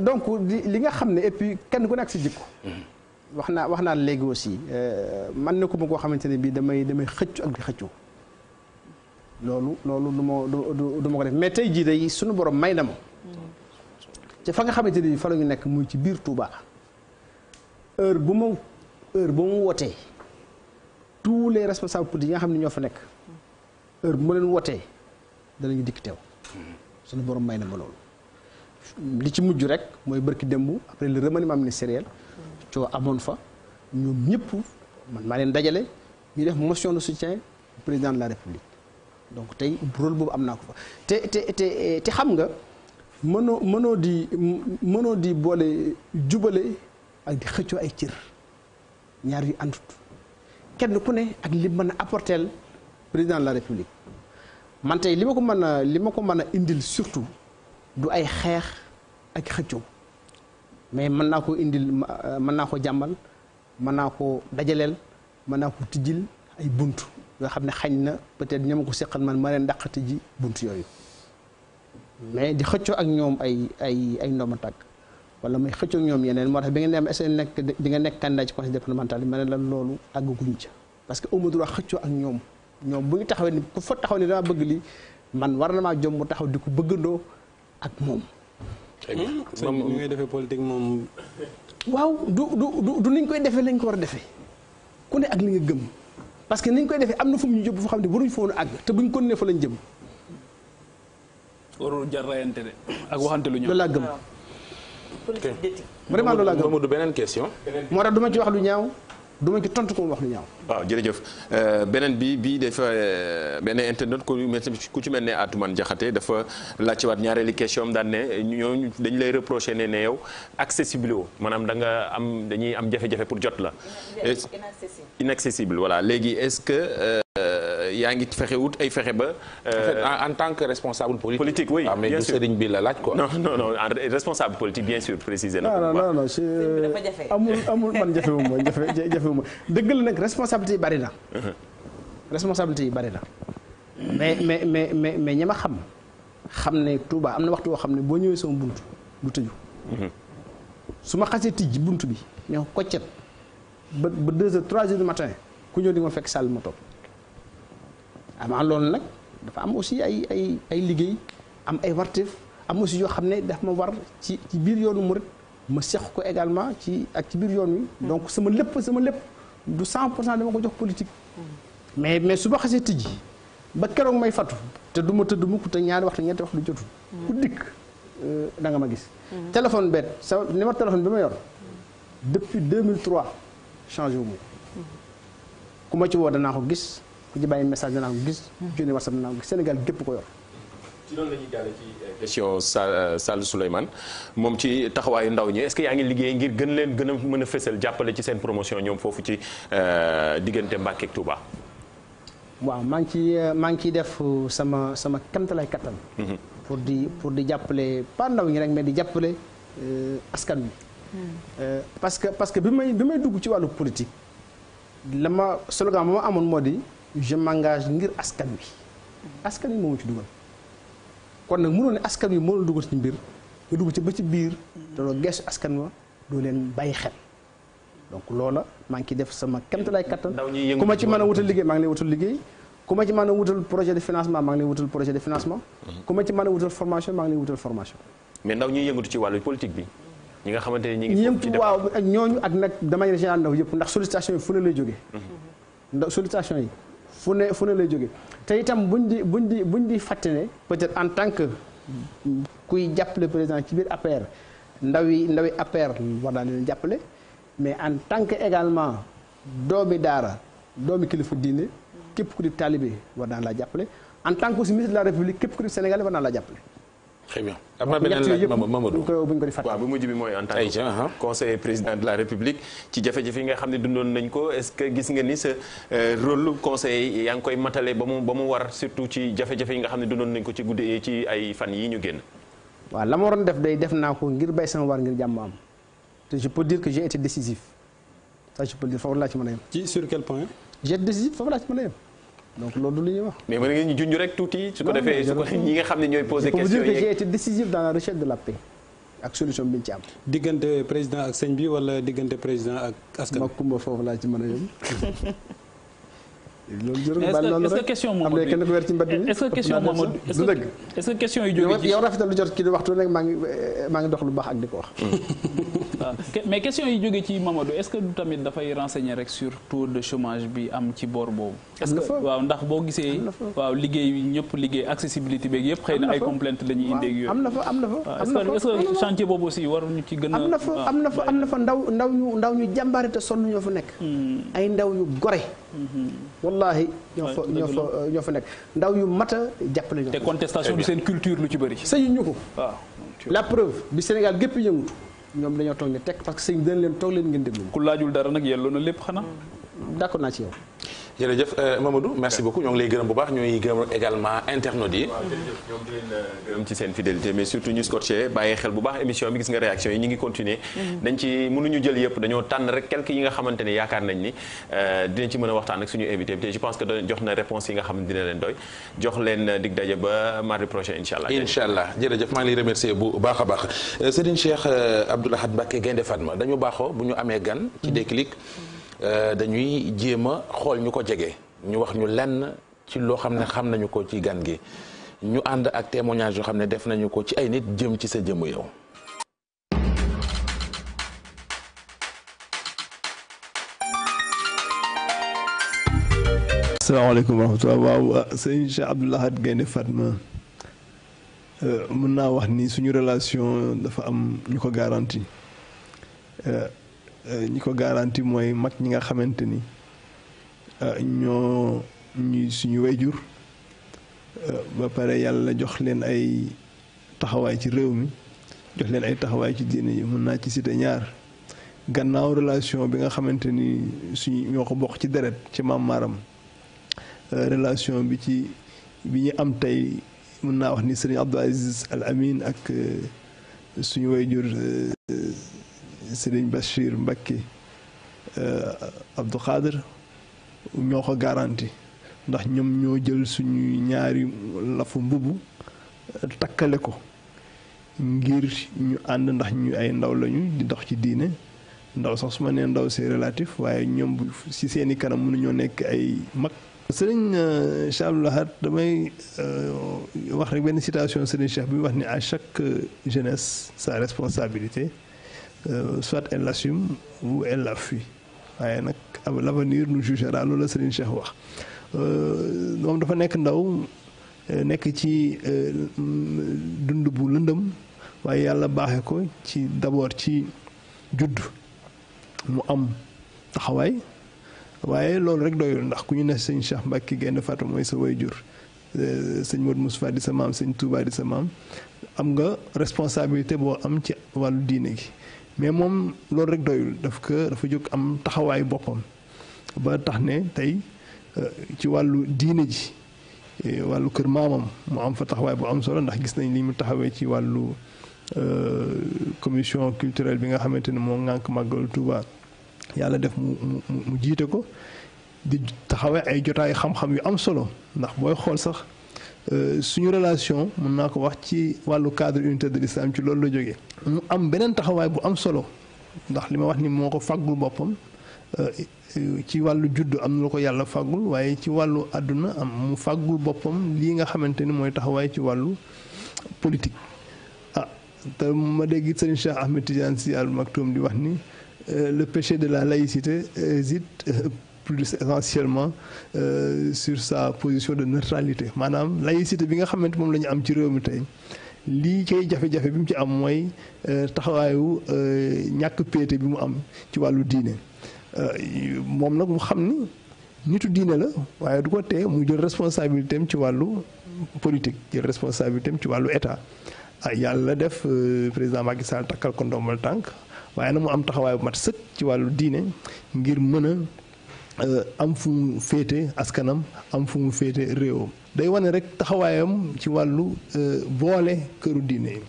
C: donc euh, li nga xam ne et puis kenn ku nekk si jikko.
A: Mm-hmm.
C: wax naa wax naa léegi aussi euh, man na ko ma koo xamante ne bii damay damay xëccu ak di loolu loolu du ma du ma ko mais tey jii day suñu borom may na ma. te mm-hmm. fa nga xamante ne bii fa la ñu nekk muy ci biir Touba. heure bu ma heure bu ma wootee tous les responsables politiques yi nga xam ne ñoo fa nekk. heure bu ma leen wootee danañu dikk teew suñu borom may na ma loolu li ci mujj rek mooy bërki démb après am remaniement ministériel coo amoon fa ñoom ñëpp man maa leen dajale ñu def motion de soutien président de la république donc tey rôle boobu am naa ko fa te te te te xam nga mënoo mënoo di mënoo di boole jubale ak di xëccoo ay cër ñaar yu àndut kenn ku ne ak li mën a apporteel président la république man tey li ma ko mën a li ma ko mën a indil surtout du ay xeex ak xëccoo mais mën naa ko indil mën naa ko jàmbal mën naa ko dajaleel mën naa ko tijjil ay bunt yoo xam ne xañ na peut-être ñoo ma ko seqal man ma leen dàqati ji bunt yooyu mais di xëccoo ak ñoom ay ay ay ndooma tàkk wala muy xëccoo ak ñoom yeneen moo tax bi nga dem est-ce nekk di nga nekk candidat ci conseil départemental bi ma ne la loolu àgguñ ca parce que au moins xëccoo ak ñoom ñoom bu ñu taxawee ni ku fa taxaw ni dama bëgg li man war na maa jom mu taxaw di ko bëggandoo ak moom.
F: moom ñu ngay moom.
C: waaw du du du niñ koy defee lañ ko war a defee ku ne ak li nga gëm parce que niñ koy defee am na fu ñu jëm foo xam ne waruñ foonu ak te buñ ko nee fa lañ jëm.
A: warul jar rayante de ak waxante lu
C: ñaaw loolu laa gëm. vraiment loolu laa
H: gëm. beneen question.
C: moo tax du ci wax lu ñaaw. du ma ci tontu ko wax lu ñaaw.
H: waaw jërëjëf euh, beneen bi bii dafa euh, benn internet ku ci mel ni ne Atoumane Diakhaté dafa laajte waat ñaareeli question am daan ne ñooñu dañu lay reproché ne ne yow accessible woo maanaam da nga am dañuy am jafe-jafe pour jot la. inaccessible voilà léegi est-ce que. Euh, yaa ngi fexe wut ay fexe ba. en euh, tant que responsable politique. politique oui ah, bien sûr sëriñ bi la laaj quoi. non non non responsable politique bien sûr précisé na.
C: non non non amul amul man jafewuma jafe jafewuma dëgg la nag responsabilité yi bari na. Uh-huh. responsabilité yi bari na. mais mais mais mais mais ñi ma xam xam ne Touba am na waxtu woo xam ne boo ñëwee sama buntu du tëju. Uh-huh. su ma xasee tijji buntu bi ne ko koccet ba ba deux heures trois heures du matin ku ñëw di ma fekk sàll ma topp. avant loolu nag dafa am aussi ay ay ay liggéey am ay warteef am aussi yoo xam ne daf ma war ci ci biir yoonu murit ma seq ko également ci ak ci biir yoon wi. donc sama lépp sama lépp du 100 pour cent dama ko jox politique. mais mais su ba xasee tijji ba keroog may fatu te du ma tëdd mukk te ñaari waxtu ñetti waxtu jotul. ku dikk euh, da ma gis. téléphone bet sa numéro téléphone bi ma yor depuis 2003 changé wu ma ku ma ci woo danaa ko gis. ku ci bàyyi message naa ko gis. ku ci yónnee whatsapp danaa ko gis Sénégal
H: gépp ko yor. ci loolu la ñuy jàll ci question euh, euh, Sall Souleymane moom ci taxawaayu ndaw ñi est-ce yaa ngi liggéey ngir gën leen gën a mën a fësal jàppale ci seen promotion ñoom foofu ci euh, diggante Mbàkke ak
C: waaw maa ngi ciy maa ngi ciy def sama sama kamtalay kattan. Mm-hmm. pour di pour di jàppale pas ndaw ñi rek mais di jàppale askan wi. Mm. parce que parce que bi may bi may dugg ci wàllu politique la ma slogan ba ma amoon moo di. je m'engage ngir askan wi askan wi moo ci dugal kon nag mënoo ne askan wi moo la dugal ci mbir nga dugg ci ba ci biir te doo geesu askan wa doo leen bàyyi xel donc loola maa ngi ciy def sama kéemtalaay kattan ku ma ci man a wutal liggéey maa ngi lay wutal liggéey ku ma ci mën a wutal projet de financement maa ngi lay wutal projet de financement mhm. ku ci mën a wutal formation maa ngi lay wutal formation
H: mais ndaw ñuy yëngatu ci wàllu bi ñi nga ne ñi ngi yëngu waaw
C: yëpp ndax sollicitation yi fu ne lay fu ne fu ne lay jóge te itam buñ di buñ di buñ di fàtte ne peut-être en tant que kuy jàppale président ci biir APR ndawi ndawi APR war naa leen jàppale mais en tant que également doomi daara doomi kilifa diine képp ku di taalibe war naa laa jàppale en tant que aussi la république képp ku di sénégalais war naa laa jàppale
H: très bien am na beneen laaj Mamadou waaw bu mujj bi mooy en tant que uh-huh. conseiller président de la république ci jafe-jafe yi nga xam ne dundoon nañ ko est-ce que gis nga ni sa euh, rôle conseiller yaa ngi koy matale ba mu ba mu war surtout ci jafe-jafe yi nga xam ne dundoon nañ ko ci guddi ci ay fan yi ñu génn
C: waaw la ma waroon def day def naa ko ngir bay sama war ngir jàmm am te je peux dire que j'ai été décisif ça je peux dire foofu laa ci mën a yem ci sur quel point j'ai été décisif foofu laa ci mën a yem donc loolu du lu wax.
H: mais mën ngeen ñu junj rek tuuti. su ko
C: ñi nga xam ne ñooy poser question yi j'ai été décisif dans la de
F: la paix. ak solution bi ñu ci am. diggante président ak sëñ bi wala diggante président ak askan. ma kumba foofu laa ci mën a yem. loolu jërë nga noonu rek est-ce que am na kenn ku weer ci mbedd mi est-ce que question
C: moom du dëgg est-ce que question yu yow rafetal lu jot ki di waxtu rek maa ngi maa ngi dox lu baax ak di ko wax. Hmm.
E: Ah, mais question yi jóge ci Mamadou est-ce que du tamit dafay renseigner rek sur taux de chômage bi am ci boor boobu. est-ce que waaw ndax boo gisee. waaw liggéey ñëpp liggéey accessibilité beeg yëpp. xëy na ay complaintes la ñuy indee yooyu. am na fa am na fa ah, am na fa est-ce que na am na fa am
C: na ndaw ndaw ñu ndaw ñu jàmbaare te ñoo fa nekk. Hmm. ay ndaw ñu gore. Hmm. wallahi ñoo fa ñoo fa ñoo fa nekk ndaw yu mat a jàppale te contestation du eh seen culture lu ci bëri. sëñu ñu ko. waaw ah, la preuve bi Sénégal gépp yëngutu ñoom dañoo toog ne teg parce que sëñ leen toog leen ngeen déglu. ku
A: laajul dara nag yelloo na lépp xanaa.
C: d'accord naa ci yow.
H: jërëjëf euh, Mamadou merci beaucoup ñoo ngi lay gërëm bu baax ñooy gërëm également internautes yi. waaw jërëjëf ñoom di leen euh, gërëm ci seen fidélité mais surtout ñu scotché bàyyi xel bu baax émission bi gis nga réaction mm-hmm. ni euh, dinañ ci a waxtaan ak suñu invité bi te je que jox na réponse yi nga xam ne dina leen doy jox leen dig daje ba mardi prochain incha allah. incha allah jërëjëf maa ngi lay remercier bu a baax Serigne Cheikh
A: Abdoul dañu baaxoo bu ñu amee gan ci mm-hmm. Déclic Euh, dañuy jéem a xool ñu ko jege ñu wax ñu lenn ci loo xam ne xam nañu ko ci gan gi ñu ànd ak témoignage yoo xam ne def nañu ko ci ay nit jëm ci sa jëmu yow.
I: asalaamaaleykum wa rahmatulah waaw sëñ Cheikh mën euh, naa wax ni suñu relation dafa am ñu ko garanti. Euh, Euh, ñi ko garanti mooy mag ñi nga xamante ni euh, ñoo suñu wayjur euh, ba pare yàlla jox leen ay taxawaay ci réew mi jox leen ay taxawaay ci diine yi mën naa ci cité ñaar gannaaw relation bi nga xamante ni suñu ñoo ko bokk ci deret ci maam maaram relation bi ci bi ñu am tey mën naa wax ni sëriñ Abdou Al Amin ak suñu wayjur Serigne Bachir Mbacké eh, Abdou Khader ñoo ko garanti ndax ñoom ñoo jël suñuy ñaari lafu mbubb eh, takkale ko ngir ñu ànd ndax ñu ay ndaw lañu di dox ci diine ndaw sax su ma nee ndaw c'est relatif waaye ñoom ci seeni kanam mënuñoo nekk ay mag. Sëriñ eh, Cheikh Abdoul Ahad damay wax rek benn citation Sëriñ Cheikh bi wax ni à chaque jeunesse sa responsabilité. Euh, soit elle l'assume ou elle la fuit waaye nag l'avenir nous jugera loolu la Serigne Cheikh wax euh, moom dafa nekk ndaw euh, nekk ci dund bu lëndëm waaye yàlla baaxe ko ci d'abord ci juddu mu am taxawaay waaye loolu rek doyul ndax ku ñu nekk sëñ Cheikh Mbacke Gaïndé Fatma mooy sa wayjur sëñ Modou Moustapha di sa maam sëñ Touba di sa maam am nga responsabilité boo am ci wàllu diine gi mais moom loolu rek doyul daf ko dafa jóg am taxawaayu boppam ba tax ne tey euh, ci wàllu diine ji euh, wàllu kër maamam mu am fa taxawaay bu am solo ndax gis nañ li mu taxawee ci wàllu euh, commission culturel bi nga xamante ni moo ngànk màggal Touba yàlla def mu mu mu jiite ko di taxawee ay jotaay xam-xam yu am solo ndax booy xool sax. Euh, suñu relation mën naa ko wax ci wàllu cadre unité de l'islam ci loolu la jóge mu am beneen taxawaay bu am solo ndax li ma wax ni moo ko fàggul boppam euh, euh, ci wàllu juddu am na lu ko yàlla fàggul waaye ci wàllu àdduna am mu fàggul boppam lii nga xamante ni mooy taxawaay ci wàllu politique. ah te ma dégg Serigne Cheikh Ahmed Tidiane Sy Al Maktoum di wax ni le péché de la laïcité hésite. plus essentiellement euh, sur sa position de neutralité maanaam laïcité bi nga xamante moom lañu am ci réew mi tey lii kay jafe-jafe bi mu ci am mooy euh, taxawaayu euh, ñàkk péete bi mu am ci wàllu diine moom nag mu xam ni nitu diine la waaye du ko tee mu jël responsabilité am ci wàllu politique jël responsabilité ci wàllu état ah yàlla def président Macky Sall takkal ko ndombal tànk waaye nag mu am taxawaay bu mat sëkk ci wàllu diine ngir mën Euh, am fu mu féete askanam am fu mu féete réewam day wane rek taxawaayam ci wàllu euh, boole këru diine yi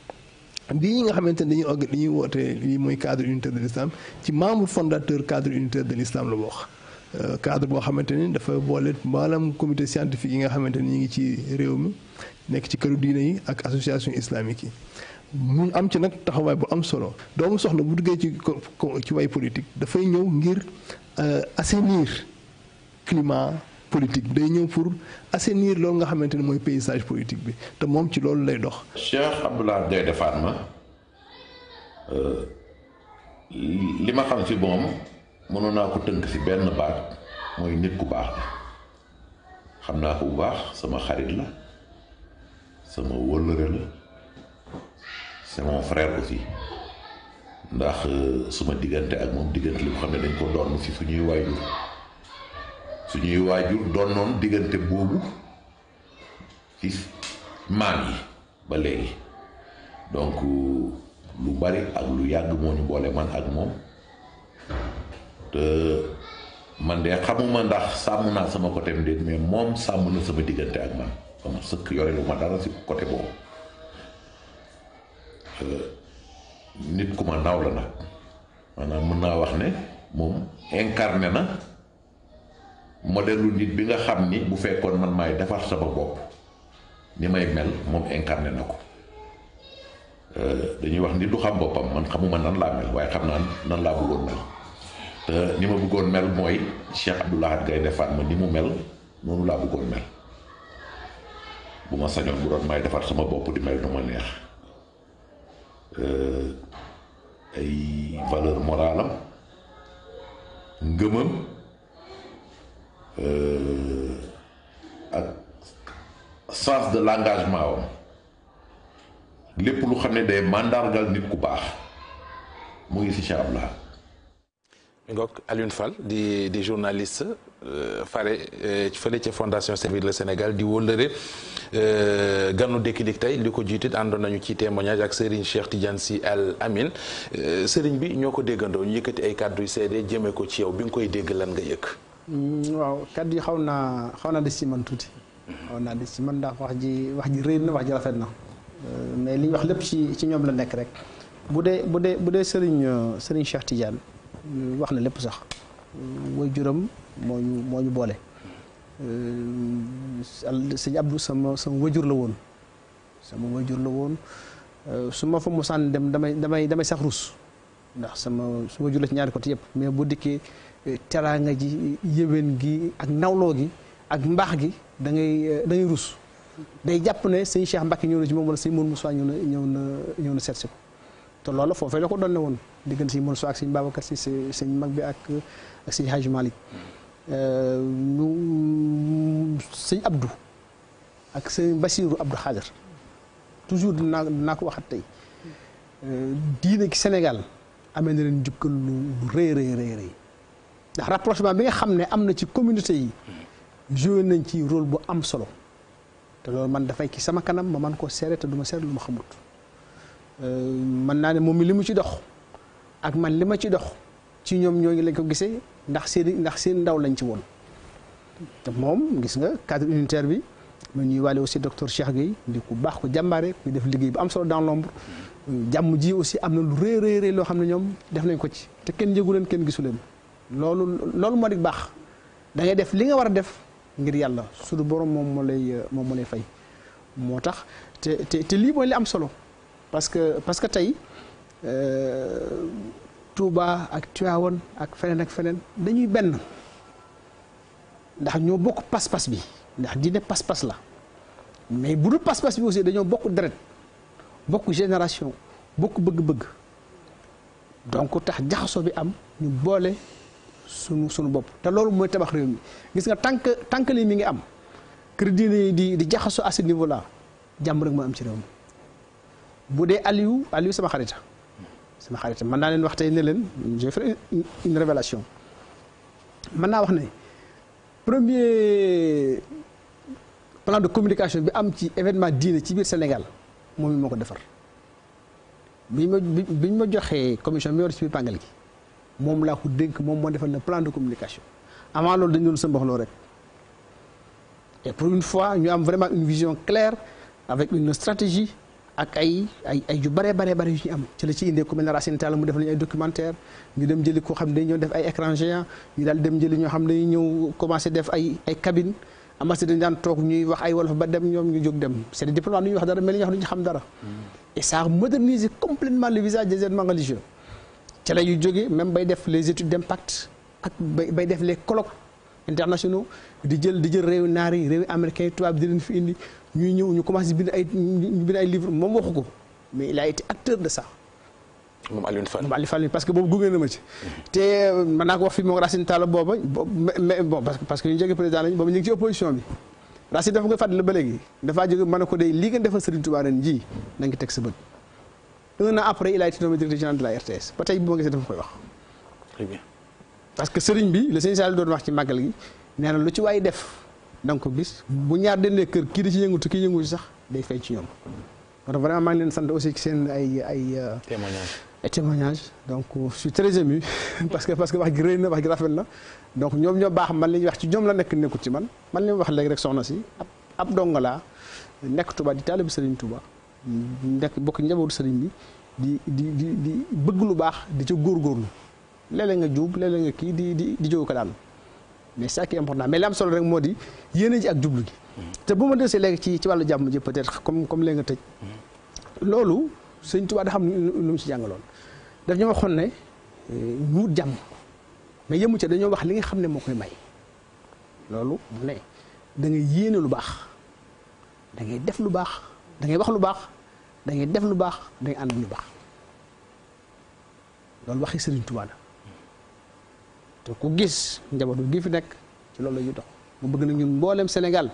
I: bii ñi nga xamante ne dañuy og dañuy woote lii mooy cadre unitaire de l'islam ci membre fondateur cadre unitaire de l'islam la bokk euh, cadre boo xamante ni dafa boole maanaam comité scientifique yi nga xamante ni ñu ngi ci réew mi nekk ci këru diine yi ak association islamique yi mu am ci nag taxawaay bu am solo doomu soxna bu duggee ci ci way politique dafay ñëw ngir Euh, assainir climat politique day ñëw pour assenir loolu nga xamante ne mooy paysage politique bi te moom ci loolu lay dox.
J: Cheikh Abdoulaye Dièye Fatma euh, li ma xam ci moom mënoon naa ko tënk ci benn baat mooy nit ku baax la xam naa ko bu baax sama xarit la sama wëllëre la c'est mon frère aussi. ndax euh, suma diggante ak moom diggante li xam ne dañ ko doon si suñuy waajur suñuy waajur doon noonu diggante boobu ci maam yi ba léegi donc lu bari ak lu yàgg moo ñu boole man ak moom te man de xamuma ndax sàmm naa sama côté mu déet mais moom sàmm na sama diggante ak man sama sëkk yore lu ma dara si côté boobu euh, nit ku ma naaw la nag maanaam mën naa wax ne moom incarné na dellu nit bi nga xam ni bu fekkoon man maay defar sama bopp ni may mel moom incarné na ko euh, dañuy wax nit du xam boppam man xamuma nan laa mel waaye xam naa nan laa bëggoon mel te ni ma bëggoon mel mooy Cheikh Abdou Lahad Gaïndé Fatma ni mu mel noonu laa bëggoon mel bu ma sañoon bu doon may defar sama bopp di mel nu ma neex Euh, ay valeur morale am ngëmam euh, ak sens de l'engagement
A: wam lépp lu xam ne day màndargal nit ku baax mu ngi si Cheikh Abdou Lahad Ngok Alioune Fall di di journaliste euh, fare euh, fële ca fondation Servir le Sénégal di wóllëre euh, ganu Dekki Dik tey li ko jiitit àndoon nañu ci témoignage ak Serigne Cheikh Tidiane Sy Al Amin Serigne bi ñoo ko déggandoo ñu yëkkati ay kàddu yu seede jëmee ko ci yow bi nga koy dégg lan nga yëg.
C: Mm, waaw kadd yi xaw naa xaw naa des ci man tuuti. xaw naa des ci man ndax wax ji wax ji rëy na wax ji rafet na. mais li ñu wax lépp ci ci ñoom la nekk rek. bu dee bu dee bu dee Serigne Serigne Cheikh Tidiane. wax na lépp sax way juram moo ñu moo ñu boole euh, sëñ Abdou sama sama wajur la woon sama wajur la woon euh, su ma fa mosaan dem damay damay damay sax rus ndax sama su wajur la ci ñaari côté yëpp mais bu dikkee euh, teraanga ji yéwén gi ak nawloo gi ak mbaax gi da ngay da day jàpp ne sëñ Cheikh Mbacke ñëw na ci moom wala si Mourou Moussa ñëw na ñëw na ñëw na seet si ko te loolu foofee la ko doon woon diggante si Mansour ak sëñ Babacar si sëñ mag bi ak si sëñ Hadj Malick ñu euh, sëñ Abdou ak sëñ Bassirou Abdou Khader toujours dinaa dinaa ko waxat tey euh, diine gi Sénégal amee na leen jukkal lu rëy rëy rëy rëy ndax rapprochement bi nga xam ne am na ci communauté yi joué nañ ci rôle bu am solo te loolu man dafay ki sama kanam ma man koo seere te du ma seere lu ma xamut euh, mën naa ne moom mi li mu ci dox ak man li ma ci dox ci ñoom ñooñu lañ ko gisee ndax seen ndax seen ndaw lañ ci woon te moom gis nga cadre unitaire bi mu ñuy waale aussi docteur Cheikh Gueye di ku baax ko jàmbaare ku def liggéey bu am solo dans l'ombre jàmm ji aussi am na lu rëy rëy loo xam ne ñoom def nañ ko ci te kenn yëgu kenn gisu leen loolu loolu moo di baax da def li nga war a def ngir yàlla suñu borom moom moo lay moom moo fay moo tax te te te lii mooy li am solo parce que tey Euh, Touba ak Tivaouane ak feneen ak feneen dañuy benn ndax ñoo bokk pas-pas bi ndax diine pas-pas la mais bu dul pas-pas bi aussi dañoo bokk deret bokk génération bokk bëgg-bëgg donc tax jaxasoo bi am ñu boole sunu sunu bopp te loolu mooy tabax réew mi gis nga tànk tànk mi ngi am crédit yi di di jaxasoo à ce niveau là jàmm rek moo am ci réew mi bu dee Aliou Aliou sama xarita sama xarit mën naa leen wax tey ne leen j'ai fait une révélation mën naa wax ne premier plan de communication bi am ci événement diine ci biir Sénégal moom moo ko defar bi ma biñ ma joxee commission bi yor ci biir pangal gi moom laa ko dénk moom moo defal na plan de communication avant loolu dañ doon sëmbaxloo rek et pour une fois ñu am vraiment une vision claire avec une stratégie ak ay ay ay yu bare bare bare yu ci am ci la ci indee ku mel ne Racine Talla mu def lañu ay documentaire ñu dem jëli koo xam ne dañu def ay écran géant ñu daal dem jëli ñoo xam ne dañu ñëw commencé def ay ay cabine amasi dañu daan toog ñuy wax ay wolof ba dem ñoom ñu jog dem c'est des diplomates du ñu wax dara mais li ñu wax du ñu xam dara hmm. et ça modernise complètement le visage des événements religieux ci la yu jógee même bay def les études d'impact ak bay bay def les colloques internationaux di jël di jël réew naar yi réew américain tubaab di leen fi indi ñuy ñëw ñu commencé bind ay ay livre moom waxu ko mais il a été acteur de ça. moom Alioune Fall moom Alioune Fall parce que boobu gunge na ma ci. te euh, mën naa ko wax fii moom Racine Talla booba mais bon parce boobu ñu ngi ci dafa koy mën a ko dee lii ngeen defal Serigne Touba ren jii na nga teg sa bët un an après il a été nommé directeur de la RTS ba tey bu ma gisee dafa koy wax. parce que Serigne bi le Serigne la doon wax ci maggal gi nee na lu ci waay def. da nga ko gis bu ñaar dendee kër kii di ci yëngatu kii yëngu sax day fay ci ñoom kon vraiment leen sant aussi ci seen ay ay. Euh, témoignage ay donc euh, je suis parce que parce que wax gi rëy na wax gi rafet na donc ñoom ñoo baax man li ñuy wax ci ñoom la nekk nekkut ci man man li wax léegi rek soxna si ab ab donga laa nekk Touba di taalibu Serigne Touba nekk bokk njabootu Serigne bi di di di di bëgg lu baax di ci góor góor léeg-léeg nga juub léeg nga kii di di di jóg ko daal. mais c'est ça important mais la am solo rek moo di yéene ji ak jublu gi. te bu ma desee léegi ci ci wàllu jàmm ji peut-être comme comme léegi nga tëj. loolu Sëñ Tuubaa da xam lu mu ci jàngaloon waxoon ne ñu euh, wut jàmm mais yemu ca dañoo wax li nga xam ne moo koy may loolu mu ne da ngay yéene lu baax da ngay def lu baax da ngay wax lu baax dangay def lu baax da ànd lu baax loolu waxi Sëriñ Tuubaa la te ku gis njabootu gi fi nekk ci loolu la ñuy dox mu bëgg na ñun mboolem Sénégal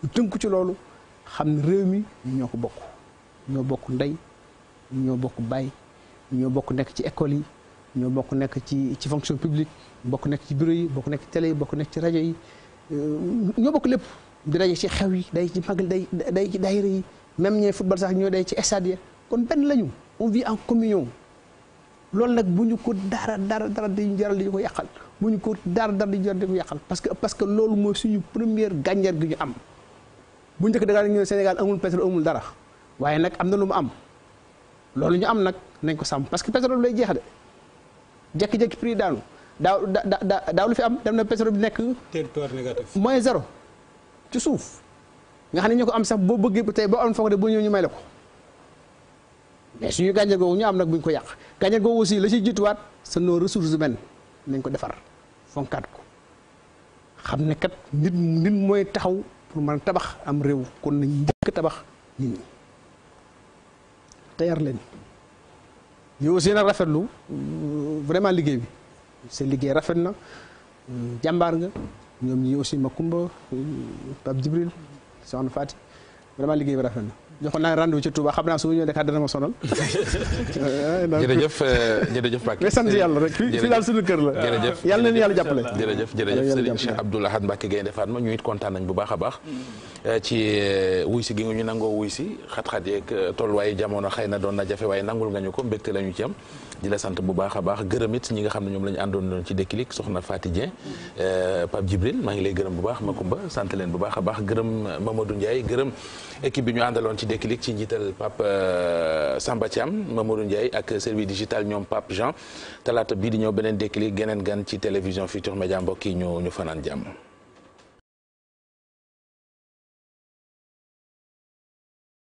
C: ñu tënku ci loolu xam ne réew mi ñoo ko bokk ñoo bokk ndey ñoo bokk baay ñoo bokk nekk ci école yi ñoo bokk nekk ci ci fonction publique bokk nekk ci bureau yi bokk nekk ci télé yi bokk nekk ci rajo yi euh, ñoo bokk lépp di daje ci xew yi day ci magal day day ci daayira yi même ñee football sax ñoo day ci stade ya kon benn lañu on vit en communion loolu nag bu ñu ko dara dara dara jaral di ko yàqal bu ñu ko daar dara di jot di yàqal parce que parce que loolu mooy suñu première gànjar gi ñu am bu njëkk da ngaa ñëw Sénégal amul pétrole amul dara waaye nag am na lu mu am loolu ñu am nag nañ ko sàmm parce que pétrole lay jeex de jékki-jékki prix daanu daaw da da daaw lu fi am dem na pétrole bi nekk. territoire négatif moins zéro ci suuf nga xam ne ñu ko am sax boo bëggee tey boo am foog de boo ñëw ñu may la ko. mais suñu gàncax googu ñu am nag bu ko yàq gàncax googu aussi la ci jiituwaat sa nos ressources humaines nañ ko defar. fonkaat ko xam ne kat nit mooy taxaw pour man tabax am réew kon nañ njëkk tabax nit ñi te leen yow aussi nag rafetlu euh, vraiment liggéey bi seen liggéey rafet na euh, jàmbaar nga ñoom ñi aussi Makumba euh, Pape Djibril soxna Fati vraiment liggéey bi rafet na joxoon naa rendu ci Touba xam naa su ma ñëwee Dakar dana ma sonal.
A: jërëjëf euh, jërëjëf kër la. jërëjëf yàlla na leen yàlla jàppale. jërëjëf jërëjëf Serigne Cheikh Abdoul Ahad Mbacke Gaïndé Fatma ñu it kontaan bu baax a baax. Euh, ci euh, wuy si gi nga ñu nango wuy si xat-xat yeeg tolluwaayu jamono xëy na doon na jafe waaye nangul nga ñu ko mbégte la ñu ci am. di la sant bu baax a baax gërëm it ñi nga xam ne ñoom la ñu àndoon ci Déclic soxna Faty Dieng Pape Djibril maa ngi lay gërëm bu baax ma kumba sant leen bu baax a baax gërëm Mamadou Ndiaye gërëm équipe bi Déclic ci njiital Pape euh, Samba ma Mamadou Ndiaye ak service digital ñoom Pape Jean talaata bii di ñëw beneen Déclic geneen gan ci télévision Futur Média mbokk yi ñu ñu fanaan jàmm.